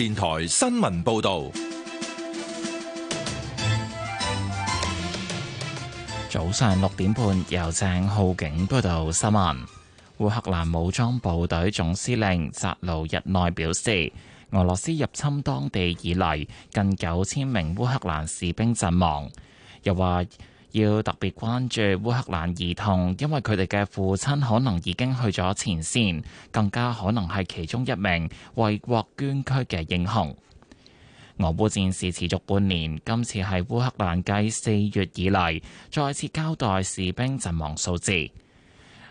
電台新聞報道，早上六點半由鄭浩景報道新聞。烏克蘭武裝部隊總司令扎盧日內表示，俄羅斯入侵當地以嚟近九千名烏克蘭士兵陣亡，又話，要特別關注烏克蘭兒童，因為佢哋嘅父親可能已經去咗前線，更加可能係其中一名為國捐軀嘅英雄。俄烏戰事持續半年，今次係烏克蘭繼四月以嚟再次交代士兵陣亡數字。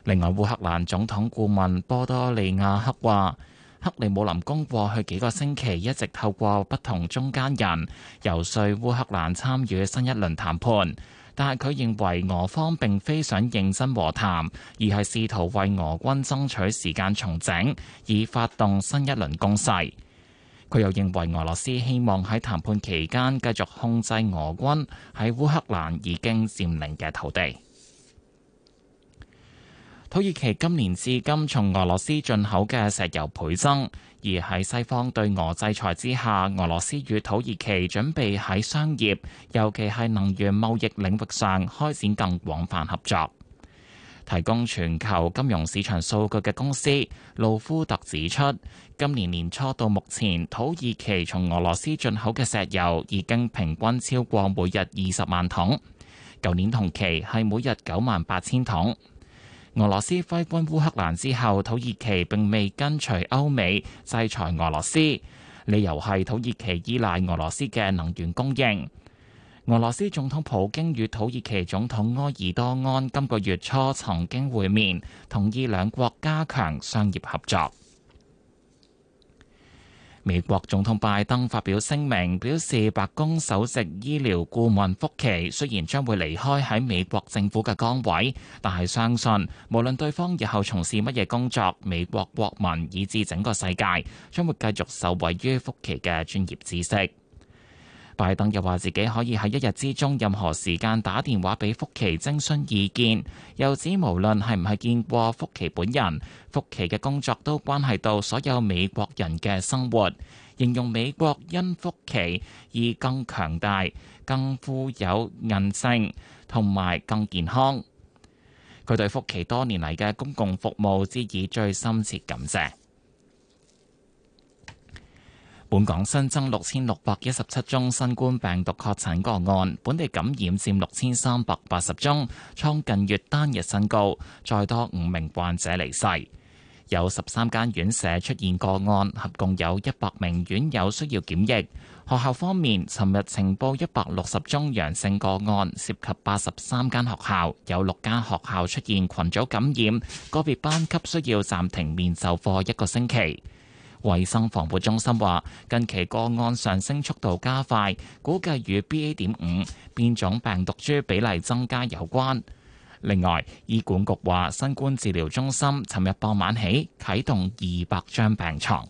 另外，烏克蘭總統顧問波多利亞克話，克里姆林宮過去幾個星期一直透過不同中間人遊說烏克蘭參與新一輪談判。但係佢認為俄方並非想認真和談，而係試圖為俄軍爭取時間重整，以發動新一輪攻勢。佢又認為俄羅斯希望喺談判期間繼續控制俄軍喺烏克蘭已經佔領嘅土地。土耳其今年至今從俄羅斯進口嘅石油倍增。而喺西方對俄制裁之下，俄羅斯與土耳其準備喺商業，尤其係能源貿易領域上，開展更廣泛合作。提供全球金融市場數據嘅公司路夫特指出，今年年初到目前，土耳其從俄羅斯進口嘅石油已經平均超過每日二十萬桶，舊年同期係每日九萬八千桶。俄羅斯揮軍烏克蘭之後，土耳其並未跟隨歐美制裁俄羅斯，理由係土耳其依賴俄羅斯嘅能源供應。俄羅斯總統普京與土耳其總統埃爾多安今個月初曾經會面，同意兩國加強商業合作。美國總統拜登發表聲明，表示白宮首席醫療顧問福奇雖然將會離開喺美國政府嘅崗位，但係相信無論對方日後從事乜嘢工作，美國國民以至整個世界將會繼續受惠於福奇嘅專業知識。拜登又話自己可以喺一日之中任何時間打電話俾福奇徵詢意見，又指無論係唔係見過福奇本人，福奇嘅工作都關係到所有美國人嘅生活，形容美國因福奇而更強大、更富有韌性同埋更健康。佢對福奇多年嚟嘅公共服務致以最深切感謝。本港新增六千六百一十七宗新冠病毒確診個案，本地感染佔六千三百八十宗，創近月單日新高。再多五名患者離世，有十三間院舍出現個案，合共有一百名院友需要檢疫。學校方面，尋日呈報一百六十宗陽性個案，涉及八十三間學校，有六間學校出現群組感染，個別班級需要暫停面授課一個星期。衛生防護中心話，近期個案上升速度加快，估計與 BA.5 變種病毒株比例增加有關。另外，醫管局話，新冠治療中心尋日傍晚起啟動二百張病床。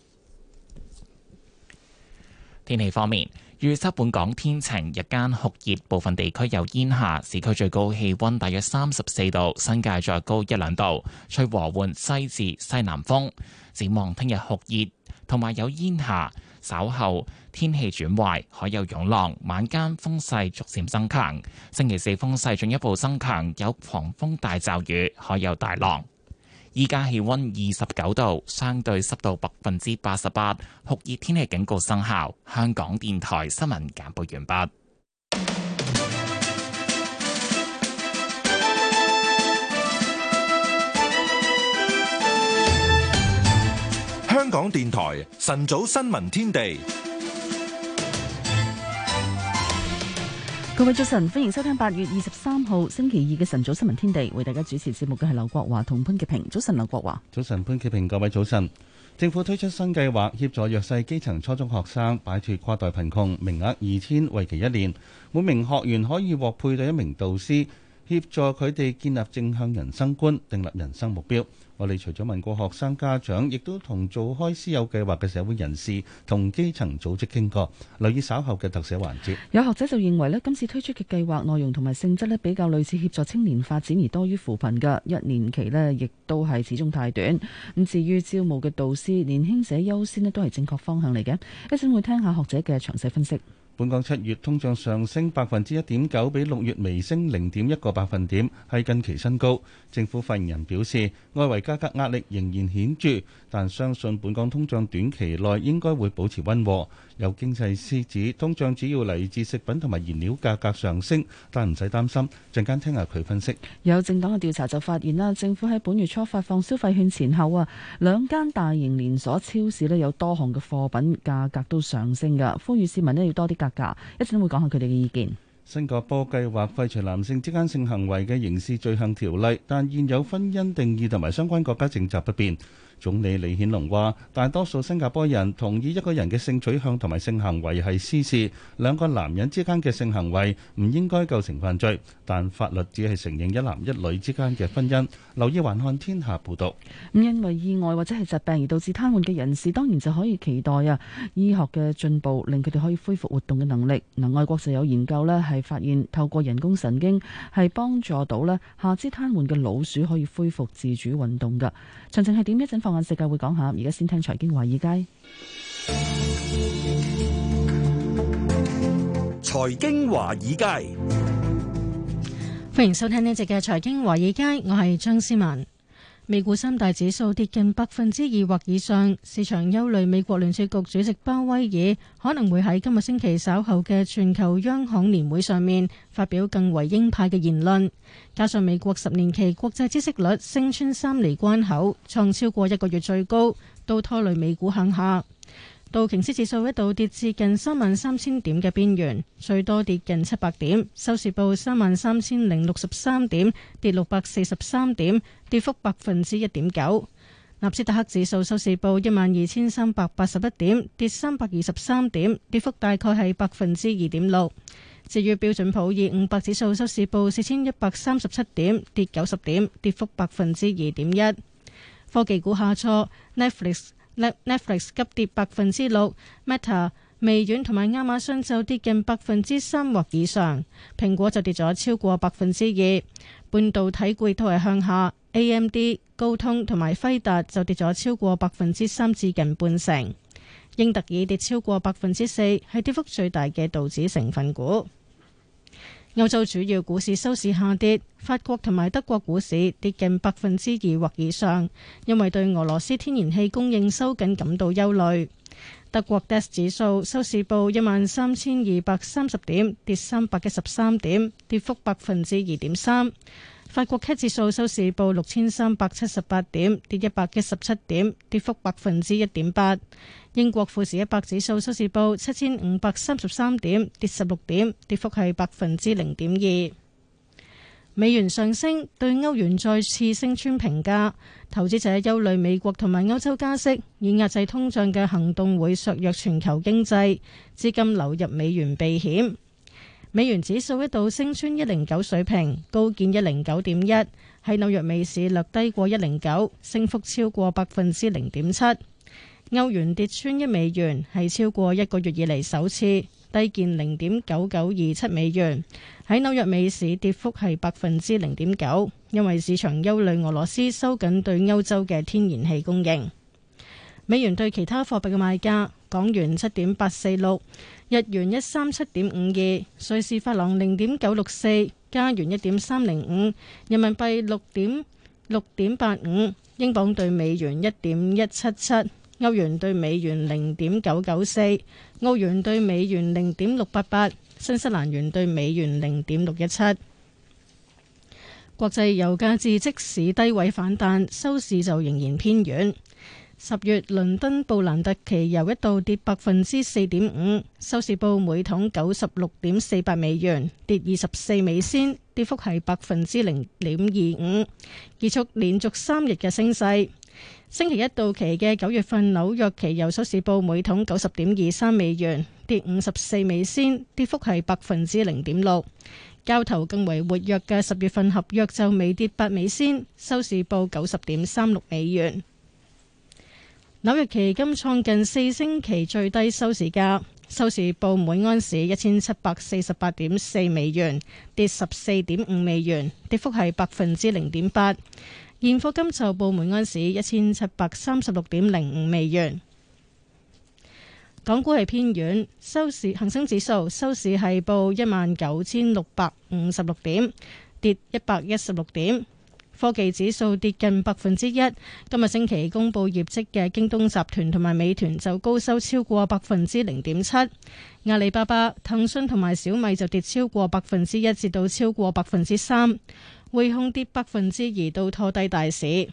天氣方面，預測本港天晴，日間酷熱，部分地區有煙霞。市區最高氣温大約三十四度，新界再高一兩度，吹和緩西至西南風。展望聽日酷熱。同埋有煙霞，稍後天氣轉壞，海有湧浪，晚間風勢逐漸增強。星期四風勢進一步增強，有狂風大驟雨，海有大浪。依家氣溫二十九度，相對濕度百分之八十八，酷熱天氣警告生效。香港電台新聞簡報完畢。香港電台晨早新聞天地，各位早晨，歡迎收聽八月二十三號星期二嘅晨早新聞天地，為大家主持節目嘅係劉國華同潘潔平。早晨，劉國華，早晨，潘潔平，各位早晨。政府推出新計劃，協助弱勢基層初中學生擺脱跨代貧窮，名額二千，為期一年，每名學員可以獲配對一名導師，協助佢哋建立正向人生觀，訂立人生目標。我哋除咗問過學生家長，亦都同做開師友計劃嘅社會人士同基層組織傾過，留意稍後嘅特寫環節。有學者就認為咧，今次推出嘅計劃內容同埋性質咧比較類似協助青年發展而多於扶貧嘅一年期咧，亦都係始終太短。咁至於招募嘅導師年輕者優先咧都係正確方向嚟嘅。一陣會聽下學者嘅詳細分析。本港七月通脹上升百分之一點九，比六月微升零點一個百分點，係近期新高。政府發言人表示，外圍價格壓力仍然顯著。但相信本港通脹短期內應該會保持溫和。有經濟師指通脹主要嚟自食品同埋燃料價格上升，但唔使擔心。陣間聽下佢分析。有政黨嘅調查就發現啦，政府喺本月初發放消費券前後啊，兩間大型連鎖超市咧有多項嘅貨品價格都上升嘅。呼籲市民咧要多啲格價。講一陣會講下佢哋嘅意見。新加坡計劃廢除男性之間性行為嘅刑事罪行條例，但現有婚姻定義同埋相關國家政策不變。總理李顯龍話，大多數新加坡人同意一個人嘅性取向同埋性行為係私事，兩個男人之間嘅性行為唔應該構成犯罪。但法律只係承認一男一女之間嘅婚姻。留意《還看天下》報道。咁因為意外或者係疾病而導致癱瘓嘅人士，當然就可以期待啊醫學嘅進步令佢哋可以恢復活動嘅能力。嗱，外國就有研究呢，係發現透過人工神經係幫助到呢下肢癱瘓嘅老鼠可以恢復自主運動噶。詳情係點？一陣放眼世界會講下，而家先聽財經華爾街。財經華爾街，歡迎收聽呢集嘅財經華爾街。我係張思文。美股三大指數跌近百分之二或以上，市場憂慮美國聯儲局主席鮑威爾可能會喺今日星期稍後嘅全球央行年會上面發表更為鷹派嘅言論。加上美國十年期國債息率升穿三厘關口，創超過一個月最高，都拖累美股向下。道瓊斯指數一度跌至近三萬三千點嘅邊緣，最多跌近七百點，收市報三萬三千零六十三點，跌六百四十三點，跌幅百分之一點九。納斯達克指數收市報一萬二千三百八十一點，跌三百二十三點，跌幅大概係百分之二點六。至於標準普爾五百指數收市報四千一百三十七點，跌九十點，跌幅百分之二點一。科技股下挫，Netflix、Le、Netflix 急跌百分之六，Meta 微軟同埋亞馬遜就跌近百分之三或以上，蘋果就跌咗超過百分之二。半導體股都係向下，AMD 高通同埋輝達就跌咗超過百分之三至近半成，英特爾跌超過百分之四，係跌幅最大嘅道指成分股。歐洲主要股市收市下跌，法國同埋德國股市跌近百分之二或以上，因為對俄羅斯天然氣供應收緊感到憂慮。德國 DAX 指數收市報一萬三千二百三十點，跌三百一十三點，跌幅百分之二點三。法國 CAC 指數收市報六千三百七十八點，跌一百一十七點，跌幅百分之一點八。英國富時一百指數收市報七千五百三十三點，跌十六點，跌幅係百分之零點二。美元上升，對歐元再次升穿平價。投資者憂慮美國同埋歐洲加息以壓制通脹嘅行動會削弱全球經濟，資金流入美元避險。美元指數一度升穿一零九水平，高見一零九點一，喺紐約美市略低過一零九，升幅超過百分之零點七。歐元跌穿一美元係超過一個月以嚟首次，低見零點九九二七美元，喺紐約美市跌幅係百分之零點九，因為市場憂慮俄羅斯收緊對歐洲嘅天然氣供應。美元對其他貨幣嘅賣價，港元七點八四六。日元一三七點五二，瑞士法郎零點九六四，加元一點三零五，人民幣六點六點八五，英鎊對美元一點一七七，歐元對美元零點九九四，澳元對美元零點六八八，新西蘭元對美元零點六一七。國際油價至即時低位反彈，收市就仍然偏軟。十月倫敦布蘭特期油一度跌百分之四點五，收市報每桶九十六點四八美元，跌二十四美仙，跌幅係百分之零點二五，結束連續三日嘅升勢。星期一到期嘅九月份紐約期油收市報每桶九十點二三美元，跌五十四美仙，跌幅係百分之零點六。交投更為活躍嘅十月份合約就微跌八美仙，收市報九十點三六美元。紐約期金創近四星期最低收市價，收市報每盎司一千七百四十八點四美元，跌十四點五美元，跌幅係百分之零點八。現貨金就報每盎司一千七百三十六點零五美元。港股係偏軟，收市恒生指數收市係報一萬九千六百五十六點，跌一百一十六點。科技指數跌近百分之一，今日星期公布業績嘅京東集團同埋美團就高收超過百分之零點七，阿里巴巴、騰訊同埋小米就跌超過百分之一，至到超過百分之三，匯控跌百分之二，到拖低大市。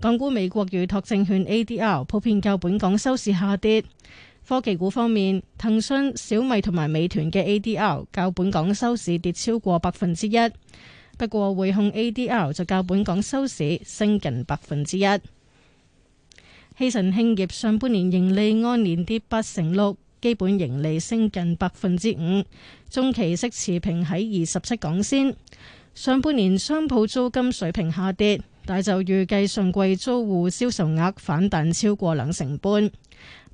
港股美國預託證券 ADR 普遍較本港收市下跌，科技股方面，騰訊、小米同埋美團嘅 ADR 較本港收市跌超過百分之一。不過匯控 ADR 就較本港收市升近百分之一。希慎興業上半年盈利按年跌八成六，基本盈利升近百分之五，中期息持平喺二十七港仙。上半年商鋪租金水平下跌，但就預計上季租戶銷售額反彈超過兩成半。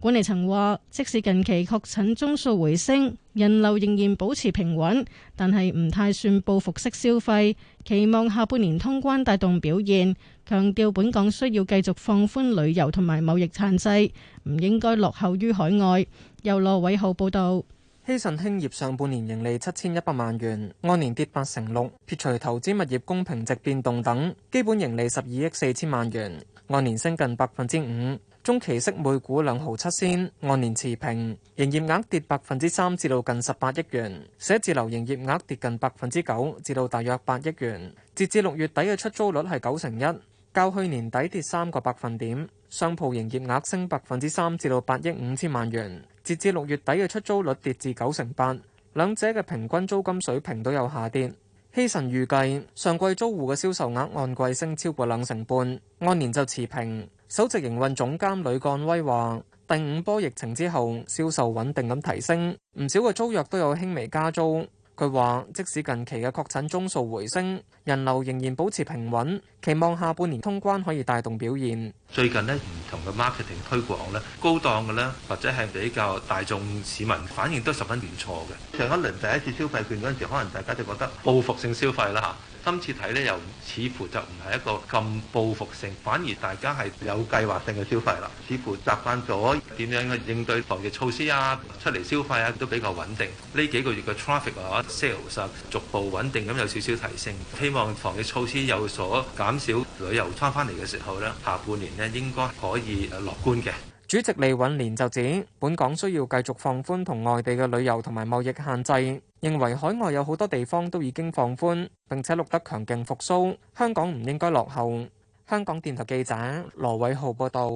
管理層話，即使近期確診宗數回升，人流仍然保持平穩，但係唔太算報復式消費，期望下半年通關帶動表現，強調本港需要繼續放寬旅遊同埋貿易限制，唔應該落後於海外。由羅偉浩報道。希慎興業上半年盈利七千一百萬元，按年跌八成六，撇除投資物業公平值變動等，基本盈利十二億四千萬元，按年升近百分之五。中期息每股兩毫七仙，按年持平。營業額跌百分之三，至到近十八億元。寫字樓營業額跌近百分之九，至到大約八億元。截至六月底嘅出租率係九成一，較去年底跌三個百分點。商鋪營業額升百分之三，至到八億五千萬元。截至六月底嘅出租率跌至九成八，兩者嘅平均租金水平都有下跌。希慎預計上季租戶嘅銷售額按季升超過兩成半，按年就持平。首席營運總監呂幹威話：第五波疫情之後，銷售穩定咁提升，唔少嘅租約都有輕微加租。佢話：即使近期嘅確診宗數回升，人流仍然保持平穩，期望下半年通關可以帶動表現。最近呢，唔同嘅 marketing 推廣呢，高檔嘅呢，或者係比較大眾市民反應都十分不錯嘅。上一輪第一次消費券嗰陣時，可能大家就覺得報復性消費啦嚇。今次睇咧，又似乎就唔係一個咁報復性，反而大家係有計劃性嘅消費啦。似乎習慣咗點樣去應對防疫措施啊，出嚟消費啊，都比較穩定。呢幾個月嘅 traffic 啊 sales 逐步穩定咁，有少少提升。希望防疫措施有所減少，旅遊差翻嚟嘅時候呢，下半年呢，應該可以樂觀嘅。主席李允憲就指，本港需要繼續放寬同外地嘅旅遊同埋貿易限制。認為海外有好多地方都已經放寬，並且錄得強勁復甦，香港唔應該落後。香港電台記者羅偉豪報道。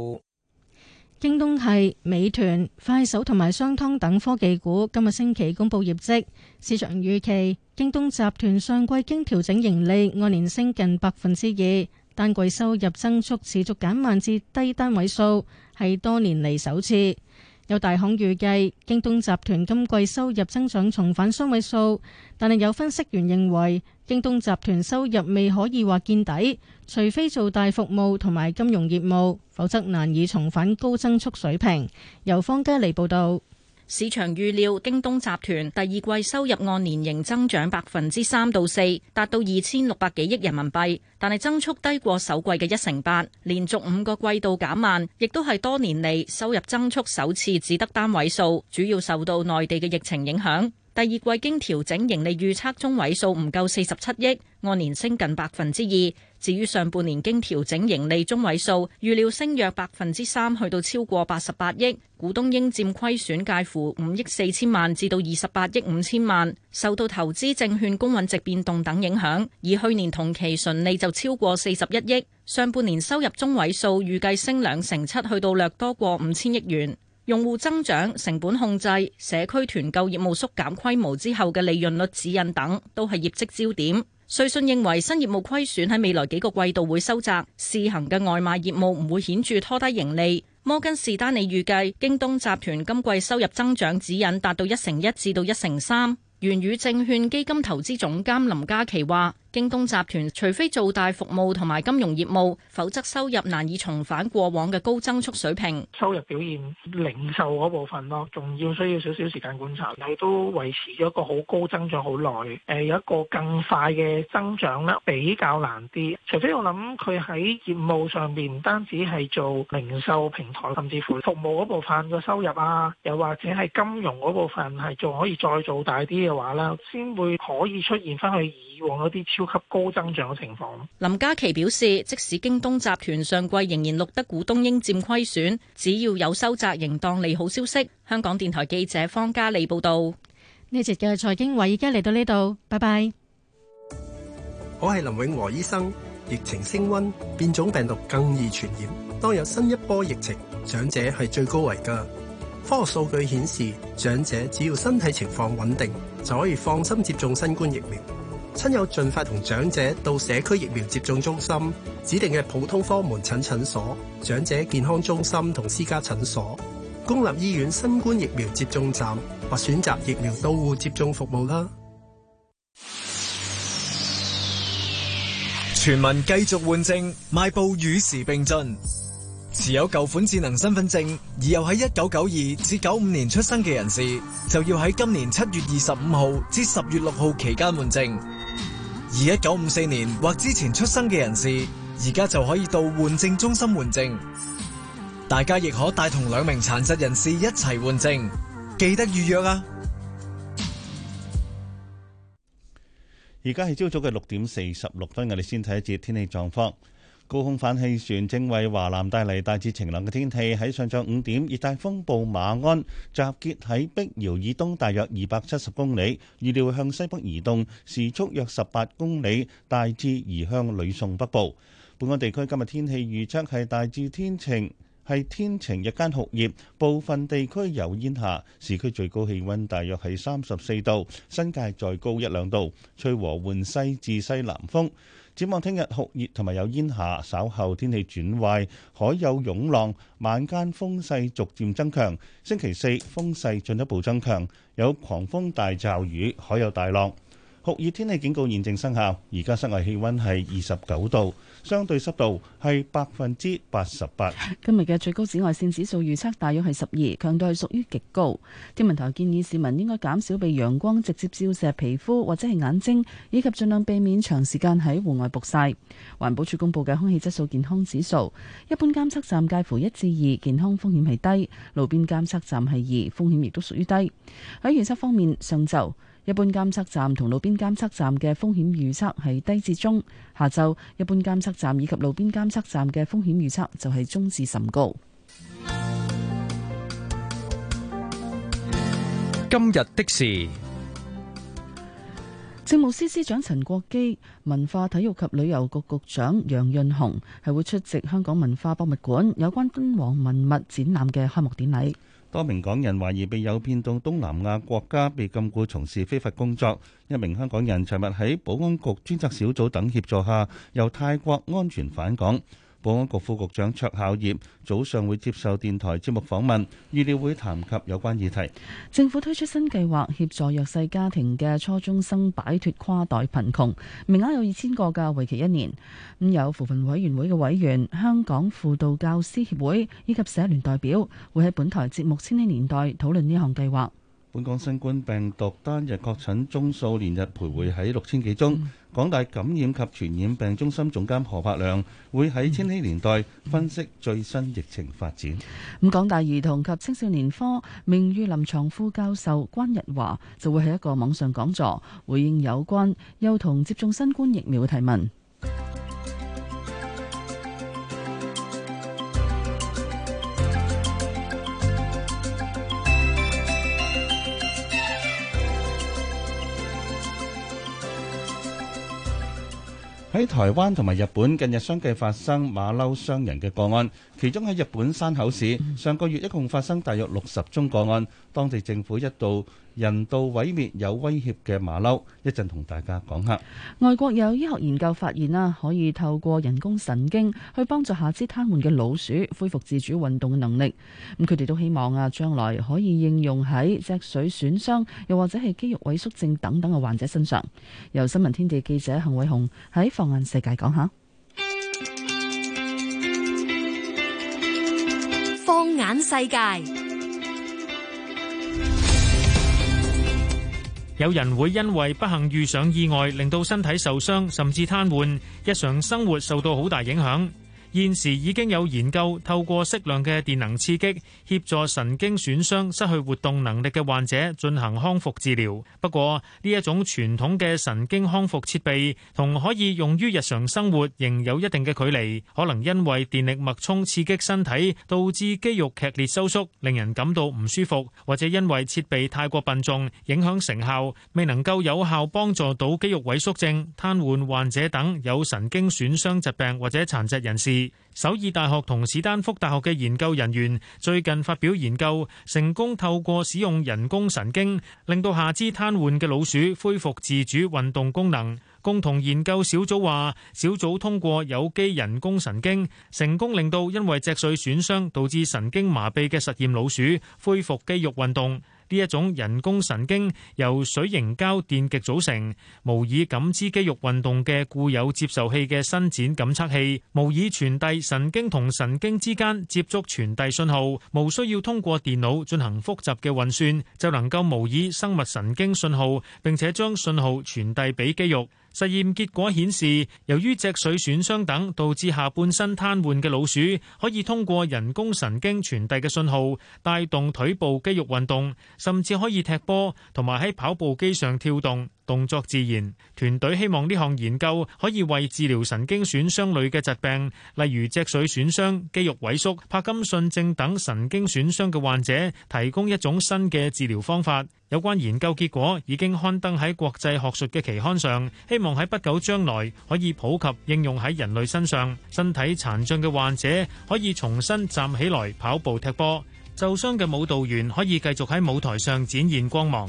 京東系、美團、快手同埋商湯等科技股今日星期公布業績，市場預期京東集團上季經調整盈利按年升近百分之二，單季收入增速持續減慢至低單位數，係多年嚟首次。有大行預計京東集團今季收入增長重返雙位數，但係有分析員認為京東集團收入未可以話見底，除非做大服務同埋金融業務，否則難以重返高增速水平。由方嘉利報道。市場預料京東集團第二季收入按年仍增長百分之三到四，達到二千六百幾億人民幣，但係增速低過首季嘅一成八，連續五個季度減慢，亦都係多年嚟收入增速首次只得單位數，主要受到內地嘅疫情影響。第二季經調整盈利預測中位數唔夠四十七億，按年升近百分之二。至於上半年經調整盈利中位數，預料升約百分之三，去到超過八十八億；股東應佔虧損介乎五億四千萬至到二十八億五千萬，受到投資證券公允值變動等影響。而去年同期純利就超過四十一億，上半年收入中位數預計升兩成七，去到略多過五千億元。用戶增長、成本控制、社區團購業務縮減規模之後嘅利潤率指引等，都係業績焦點。瑞信認為新業務虧損喺未來幾個季度會收窄，試行嘅外賣業務唔會顯著拖低盈利。摩根士丹利預計京東集團今季收入增長指引達到一成一至到一成三。元宇證券基金投資總監林嘉琪話。京東集團除非做大服務同埋金融業務，否則收入難以重返過往嘅高增速水平。收入表現零售嗰部分咯，仲要需要少少時間觀察。亦都維持咗一個好高增長好耐。誒，有一個更快嘅增長啦，比較難啲。除非我諗佢喺業務上面唔單止係做零售平台，甚至乎服務嗰部分嘅收入啊，又或者係金融嗰部分係仲可以再做大啲嘅話咧，先會可以出現翻去以往嗰啲超。高增長嘅情況。林嘉琪表示，即使京東集團上季仍然錄得股東應佔虧損，只要有收窄，仍當利好消息。香港電台記者方嘉利報導。呢節嘅財經委而家嚟到呢度，拜拜。我係林永和醫生。疫情升溫，變種病毒更易傳染，當有新一波疫情，長者係最高危嘅。科學數據顯示，長者只要身體情況穩定，就可以放心接種新冠疫苗。親友盡快同長者到社區疫苗接種中心、指定嘅普通科門診診所、長者健康中心同私家診所、公立醫院新冠疫苗接種站或選擇疫苗到戶接種服務啦。全民繼續換證，邁步與時並進。持有舊款智能身份證而又喺一九九二至九五年出生嘅人士，就要喺今年七月二十五號至十月六號期間換證。而一九五四年或之前出生嘅人士，而家就可以到換證中心換證。大家亦可帶同兩名殘疾人士一齊換證，記得預約啊！而家係朝早嘅六點四十六分，我哋先睇一次天氣狀況。高空反氣旋正為華南帶嚟大致晴朗嘅天氣，喺上晝五點，熱帶風暴馬鞍集結喺碧瑤以東，大約二百七十公里，預料向西北移動，時速約十八公里，大致移向呂宋北部。本港地區今日天，天氣預測係大致天晴，係天晴日間酷熱，部分地區有煙霞。市區最高氣温大約係三十四度，新界再高一兩度，吹和緩西至西南風。展望聽日酷熱同埋有煙霞，稍後天氣轉壞，海有湧浪，晚間風勢逐漸增強，星期四風勢進一步增強，有狂風大驟雨，海有大浪。酷熱天氣警告現正生效，而家室外氣温係二十九度，相對濕度係百分之八十八。今日嘅最高紫外線指數預測大約係十二，強度係屬於極高。天文台建議市民應該減少被陽光直接照射皮膚或者係眼睛，以及盡量避免長時間喺戶外曝曬。環保署公布嘅空氣質素健康指數，一般監測站介乎一至二，健康風險係低；路邊監測站係二，風險亦都屬於低。喺預測方面，上晝，一般監測站同路邊監測站嘅風險預測係低至中，下晝一般監測站以及路邊監測站嘅風險預測就係中至甚高。今日的事，政務司司長陳國基、文化體育及旅遊局局長楊潤雄係會出席香港文化博物館有關敦煌文物展覽嘅開幕典禮。多名港人懷疑被誘騙到東南亞國家被禁錮從事非法工作，一名香港人尋日喺保安局專責小組等協助下，由泰國安全返港。保安局副局長卓孝業早上會接受電台節目訪問，預料會談及有關議題。政府推出新計劃協助弱勢家庭嘅初中生擺脫跨代貧窮，名額有二千個，噶為期一年。咁有扶貧委員會嘅委員、香港輔導教師協會以及社聯代表會喺本台節目《千禧年代》討論呢項計劃。本港新冠病毒單日確診宗數連日徘徊喺六千幾宗。港大感染及傳染病中心總監何柏良會喺千禧年代分析最新疫情發展。咁、嗯，港大兒童及青少年科名譽臨床副教授關日華就會喺一個網上講座回應有關幼童接種新冠疫苗嘅提問。喺台灣同埋日本，近日相繼發生馬騮傷人嘅個案。其中喺日本山口市上個月一共發生大約六十宗個案，當地政府一度人道毀滅有威脅嘅馬騮。一陣同大家講下。外國有醫學研究發現啊，可以透過人工神經去幫助下肢癱瘓嘅老鼠恢復自主運動嘅能力。咁佢哋都希望啊，將來可以應用喺脊髓損傷又或者係肌肉萎縮症等等嘅患者身上。由新聞天地記者陳偉雄喺放眼世界講下。世界有人會因為不幸遇上意外，令到身體受傷，甚至癱瘓，日常生活受到好大影響。現時已經有研究透過適量嘅電能刺激，協助神經損傷、失去活動能力嘅患者進行康復治療。不過呢一種傳統嘅神經康復設備，同可以用於日常生活仍有一定嘅距離。可能因為電力脈衝刺激身體，導致肌肉劇烈收縮，令人感到唔舒服；或者因為設備太過笨重，影響成效，未能夠有效幫助到肌肉萎縮症、癱瘓患者等有神經損傷疾病或者殘疾人士。首爾大學同史丹福大學嘅研究人員最近發表研究，成功透過使用人工神經，令到下肢癱瘓嘅老鼠恢復自主運動功能。共同研究小組話，小組通過有機人工神經，成功令到因為脊髓損傷導致神經麻痹嘅實驗老鼠恢復肌肉運動。呢一種人工神經由水凝膠電極組成，模擬感知肌肉運動嘅固有接受器嘅伸展感測器，模擬傳遞神經同神經之間接觸傳遞信號，無需要通過電腦進行複雜嘅運算，就能夠模擬生物神經信號，並且將信號傳遞俾肌肉。實驗結果顯示，由於脊髓損傷等導致下半身癱瘓嘅老鼠，可以通過人工神經傳遞嘅信號，帶動腿部肌肉運動，甚至可以踢波同埋喺跑步機上跳動。動作自然，團隊希望呢項研究可以為治療神經損傷類嘅疾病，例如脊髓損傷、肌肉萎縮、帕金遜症等神經損傷嘅患者，提供一種新嘅治療方法。有關研究結果已經刊登喺國際學術嘅期刊上，希望喺不久將來可以普及應用喺人類身上。身體殘障嘅患者可以重新站起來跑步踢波，受傷嘅舞蹈員可以繼續喺舞台上展現光芒。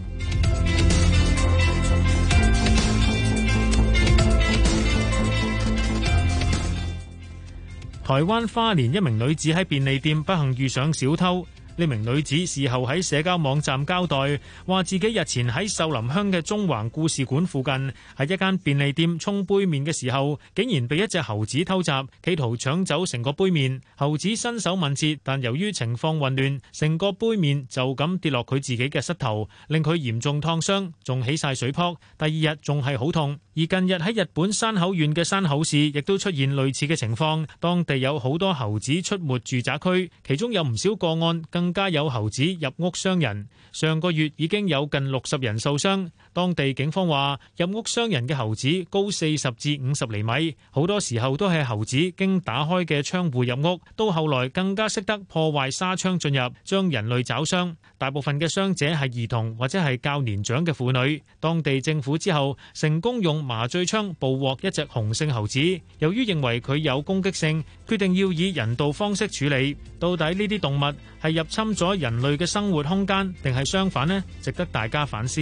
台灣花蓮一名女子喺便利店不幸遇上小偷。呢名女子事後喺社交網站交代，話自己日前喺秀林鄉嘅中橫故事館附近，喺一間便利店沖杯麵嘅時候，竟然被一隻猴子偷襲，企圖搶走成個杯麵。猴子身手敏捷，但由於情況混亂，成個杯麵就咁跌落佢自己嘅膝頭，令佢嚴重燙傷，仲起晒水泡。第二日仲係好痛。而近日喺日本山口縣嘅山口市，亦都出現類似嘅情況，當地有好多猴子出沒住宅區，其中有唔少個案更。更加有猴子入屋傷人，上個月已經有近六十人受傷。當地警方話，入屋傷人嘅猴子高四十至五十厘米，好多時候都係猴子經打開嘅窗戶入屋，到後來更加識得破壞紗窗進入，將人類抓傷。大部分嘅傷者係兒童或者係較年長嘅婦女。當地政府之後成功用麻醉槍捕獲一隻雄性猴子，由於認為佢有攻擊性，決定要以人道方式處理。到底呢啲動物係入侵咗人類嘅生活空間，定係相反呢？值得大家反思。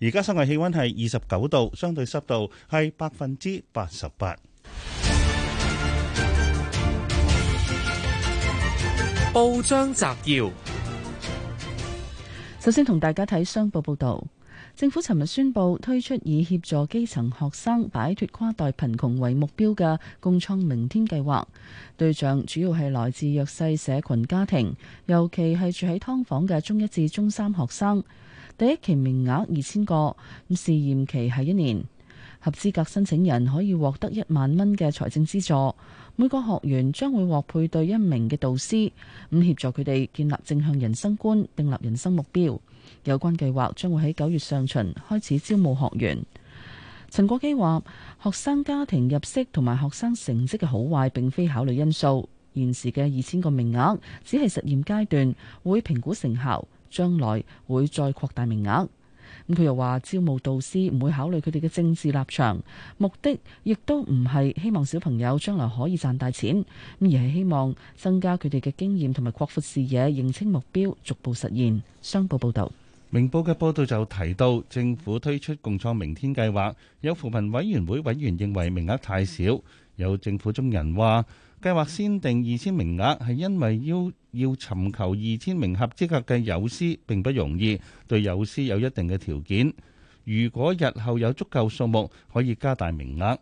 而家室外氣溫係二十九度，相對濕度係百分之八十八。報章摘要：首先同大家睇商報報道，政府尋日宣布推出以協助基層學生擺脫跨代貧窮為目標嘅「共創明天」計劃，對象主要係來自弱勢社群家庭，尤其係住喺劏房嘅中一至中三學生。第一期名額二千個，咁試驗期係一年。合資格申請人可以獲得一萬蚊嘅財政資助。每個學員將會獲配對一名嘅導師，咁協助佢哋建立正向人生觀，訂立人生目標。有關計劃將會喺九月上旬開始招募學員。陳國基話：學生家庭入息同埋學生成績嘅好壞並非考慮因素。現時嘅二千個名額只係實驗階段，會評估成效。將來會再擴大名額。咁佢又話招募導師唔會考慮佢哋嘅政治立場，目的亦都唔係希望小朋友將來可以賺大錢，而係希望增加佢哋嘅經驗同埋擴闊視野，認清目標，逐步實現。商報報道，明報嘅報道就提到政府推出共創明天計劃，有扶貧委員會委員認為名額太少，有政府中人話。計劃先定二千名額，係因為要要尋求二千名合資格嘅幼師，並不容易，對幼師有一定嘅條件。如果日後有足夠數目，可以加大名額。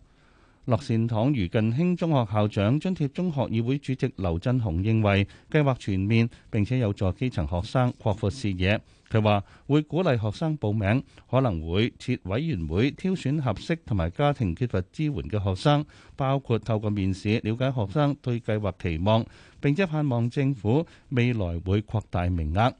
樂善堂余近興中學校長、津貼中學議會主席劉振雄認為，計劃全面並且有助基層學生擴闊視野。佢話會鼓勵學生報名，可能會設委員會挑選合適同埋家庭缺乏支援嘅學生，包括透過面試了解學生對計劃期望，並且盼望政府未來會擴大名額。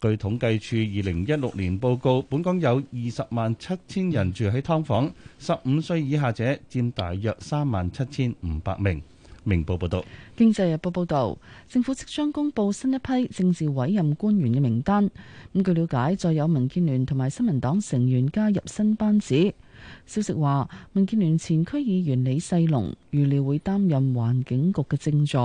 據統計處二零一六年報告，本港有二十萬七千人住喺劏房，十五歲以下者佔大約三萬七千五百名。明報報道，經濟日報報道，政府即將公布新一批政治委任官員嘅名單。咁據了解，再有民建聯同埋新民黨成員加入新班子。消息話，民建聯前區議員李世龍預料會擔任環境局嘅政助。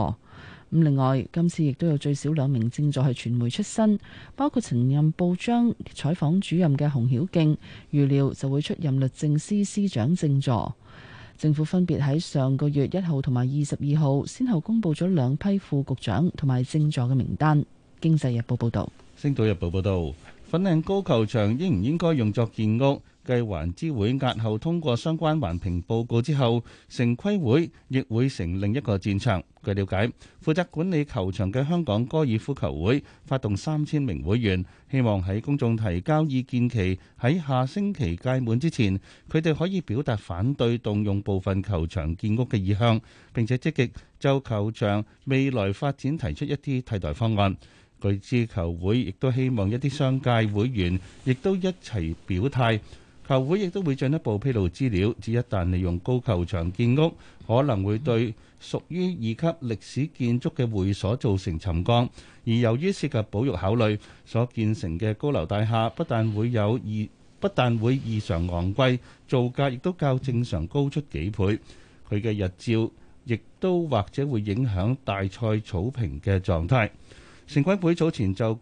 咁另外，今次亦都有最少兩名政助係傳媒出身，包括曾任報章採訪主任嘅洪曉敬，預料就會出任律政司司長政助。政府分別喺上個月一號同埋二十二號，先後公布咗兩批副局長同埋政助嘅名單。經濟日報報道：「星島日報報道，粉嶺高球場應唔應該用作建屋？繼環諮會押後通過相關環評報告之後，城規會亦會成另一個戰場。據了解，負責管理球場嘅香港高爾夫球會發動三千名會員，希望喺公眾提交意見期喺下星期屆滿之前，佢哋可以表達反對動用部分球場建屋嘅意向，並且積極就球場未來發展提出一啲替代方案。據知球會亦都希望一啲商界會員亦都一齊表態。球會亦都會進一步披露資料，指一旦利用高球場建屋，可能會對屬於二級歷史建築嘅會所造成沉降。而由於涉及保育考慮，所建成嘅高樓大廈不但會有異，不但會異常昂貴，造價亦都較正常高出幾倍。佢嘅日照亦都或者會影響大賽草坪嘅狀態。城規會早前就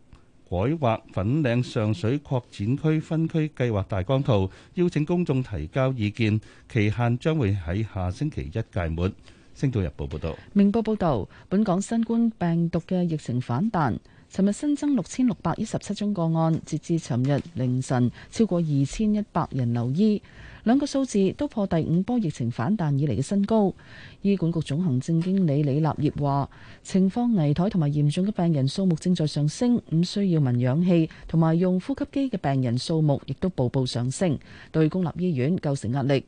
改劃粉嶺上水擴展區分區計劃大綱圖，邀請公眾提交意見，期限將會喺下星期一屆末。星島日報報道：明報報道，本港新冠病毒嘅疫情反彈，尋日新增六千六百一十七宗個案，截至尋日凌晨超過二千一百人留醫。兩個數字都破第五波疫情反彈以嚟嘅新高。醫管局總行政經理李立業話，情況危殆同埋嚴重嘅病人數目正在上升，唔需要聞氧氣同埋用呼吸機嘅病人數目亦都步步上升，對公立醫院構成壓力。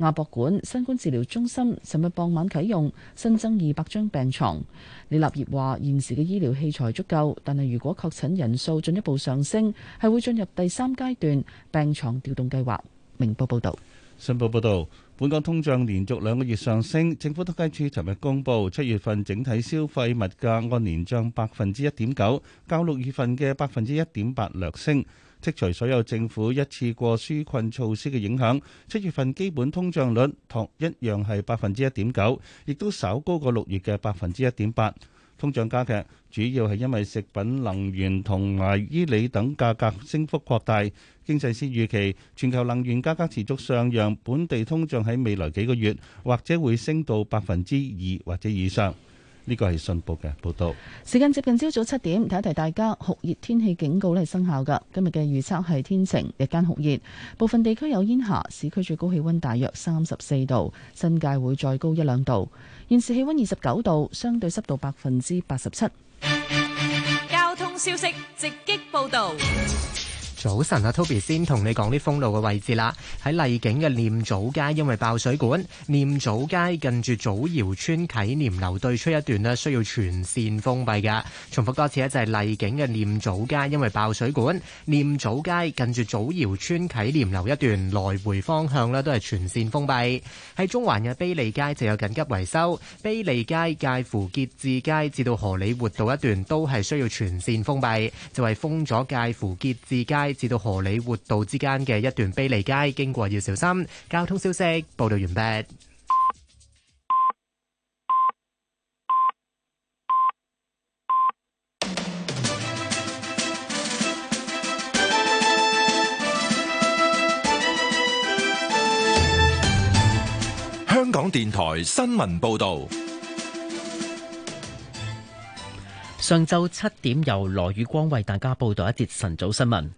亞博館新冠治療中心尋日傍晚啟用，新增二百張病床。李立業話，現時嘅醫療器材足夠，但係如果確診人數進一步上升，係會進入第三階段病床調動計劃。明報報導，信報報導，本港通脹連續兩個月上升。政府統計處尋日公布，七月份整體消費物價按年漲百分之一點九，較六月份嘅百分之一點八略升。剔除所有政府一次過紓困措施嘅影響，七月份基本通脹率同一樣係百分之一點九，亦都稍高過六月嘅百分之一點八。通脹加劇，主要係因為食品、能源同埋伊利等價格升幅擴大。經濟師預期全球能源價格持續上揚，本地通脹喺未來幾個月或者會升到百分之二或者以上。呢個係信報嘅報道。時間接近朝早七點，提一提大家酷熱天氣警告咧係生效噶。今日嘅預測係天晴，日間酷熱，部分地區有煙霞。市區最高氣溫大約三十四度，新界會再高一兩度。現時氣溫二十九度，相對濕度百分之八十七。交通消息直擊報道。早晨啊，Toby 先同你講啲封路嘅位置啦。喺荔景嘅念祖街，因為爆水管，念祖街近住祖堯村啟廉樓對出一段咧，需要全綫封閉噶，重複多次咧，就係荔景嘅念祖街，因為爆水管，念祖街近住祖堯村啟廉樓一段來回方向咧，都係全綫封閉。喺中環嘅卑利街就有緊急維修，卑利街介乎結志街至到荷里活道一段都係需要全綫封閉，就係、是、封咗介乎結志街。至到荷里活道之間嘅一段卑利街，經過要小心。交通消息報道完畢。香港電台新聞報道。上晝七點，由羅宇光為大家報道一節晨早新聞。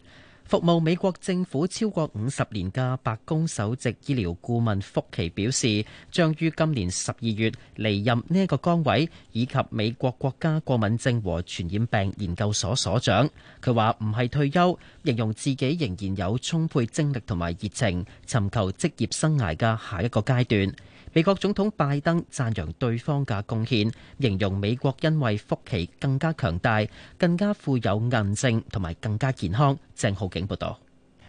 服務美國政府超過五十年嘅白宮首席醫療顧問福奇表示，將於今年十二月離任呢一個崗位，以及美國國家過敏症和傳染病研究所所長。佢話唔係退休，形容自己仍然有充沛精力同埋熱情，尋求職業生涯嘅下一個階段。美國總統拜登讚揚對方嘅貢獻，形容美國因為福奇更加強大、更加富有韌性同埋更加健康。鄭浩景報道，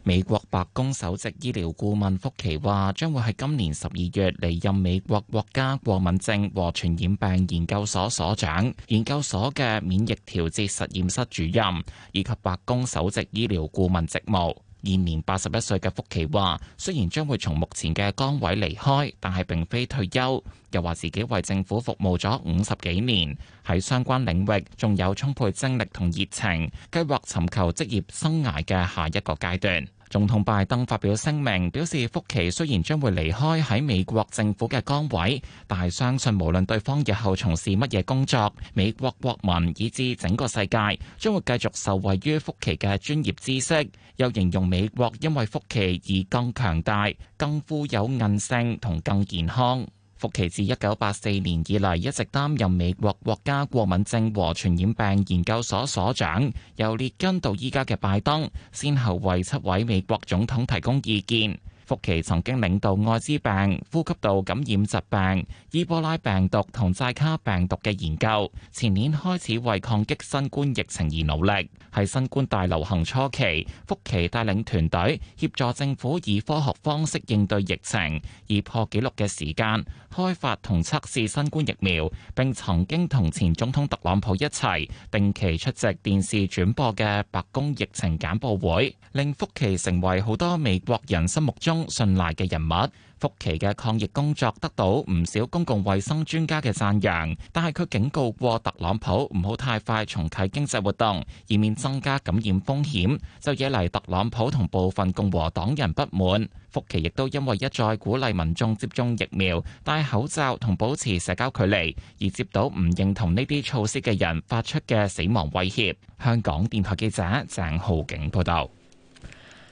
美國白宮首席醫療顧問福奇話，將會喺今年十二月離任美國國家過敏症和傳染病研究所所長、研究所嘅免疫調節實驗室主任以及白宮首席醫療顧問職務。現年八十一歲嘅福奇話，雖然將會從目前嘅崗位離開，但係並非退休。又話自己為政府服務咗五十幾年，喺相關領域仲有充沛精力同熱情，計劃尋求職業生涯嘅下一個階段。總統拜登發表聲明，表示福奇雖然將會離開喺美國政府嘅崗位，但係相信無論對方日後從事乜嘢工作，美國國民以至整個世界將會繼續受惠於福奇嘅專業知識。又形容美國因為福奇而更強大、更富有韌性同更健康。福奇自一九八四年以嚟一直擔任美國國家過敏症和傳染病研究所所長，由列根到依家嘅拜登，先後為七位美國總統提供意見。福奇曾經領導愛滋病、呼吸道感染疾病、伊波拉病毒同寨卡病毒嘅研究，前年開始為抗擊新冠疫情而努力。喺新冠大流行初期，福奇帶領團隊協助政府以科學方式應對疫情，以破紀錄嘅時間開發同測試新冠疫苗，並曾經同前總統特朗普一齊定期出席電視轉播嘅白宮疫情簡報會，令福奇成為好多美國人心目中。信賴嘅人物，福奇嘅抗疫工作得到唔少公共衛生專家嘅讚揚，但係佢警告過特朗普唔好太快重啟經濟活動，以免增加感染風險，就惹嚟特朗普同部分共和黨人不滿。福奇亦都因為一再鼓勵民眾接種疫苗、戴口罩同保持社交距離，而接到唔認同呢啲措施嘅人發出嘅死亡威脅。香港電台記者鄭浩景報道。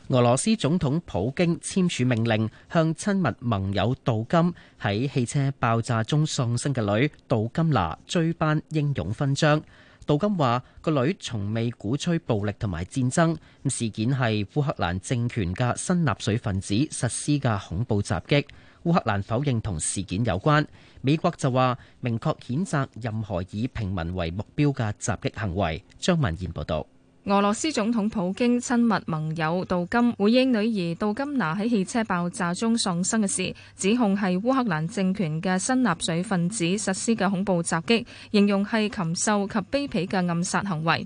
俄羅斯總統普京簽署命令，向親密盟友杜金喺汽車爆炸中喪生嘅女杜金娜追頒英勇勳章。杜金話：個女從未鼓吹暴力同埋戰爭。事件係烏克蘭政權嘅新納粹分子實施嘅恐怖襲擊。烏克蘭否認同事件有關。美國就話明確譴責任何以平民為目標嘅襲擊行為。張文賢報道。俄羅斯總統普京親密盟友杜金回應女兒杜金娜喺汽車爆炸中喪生嘅事，指控係烏克蘭政權嘅新納粹分子實施嘅恐怖襲擊，形容係禽獸及卑鄙嘅暗殺行為。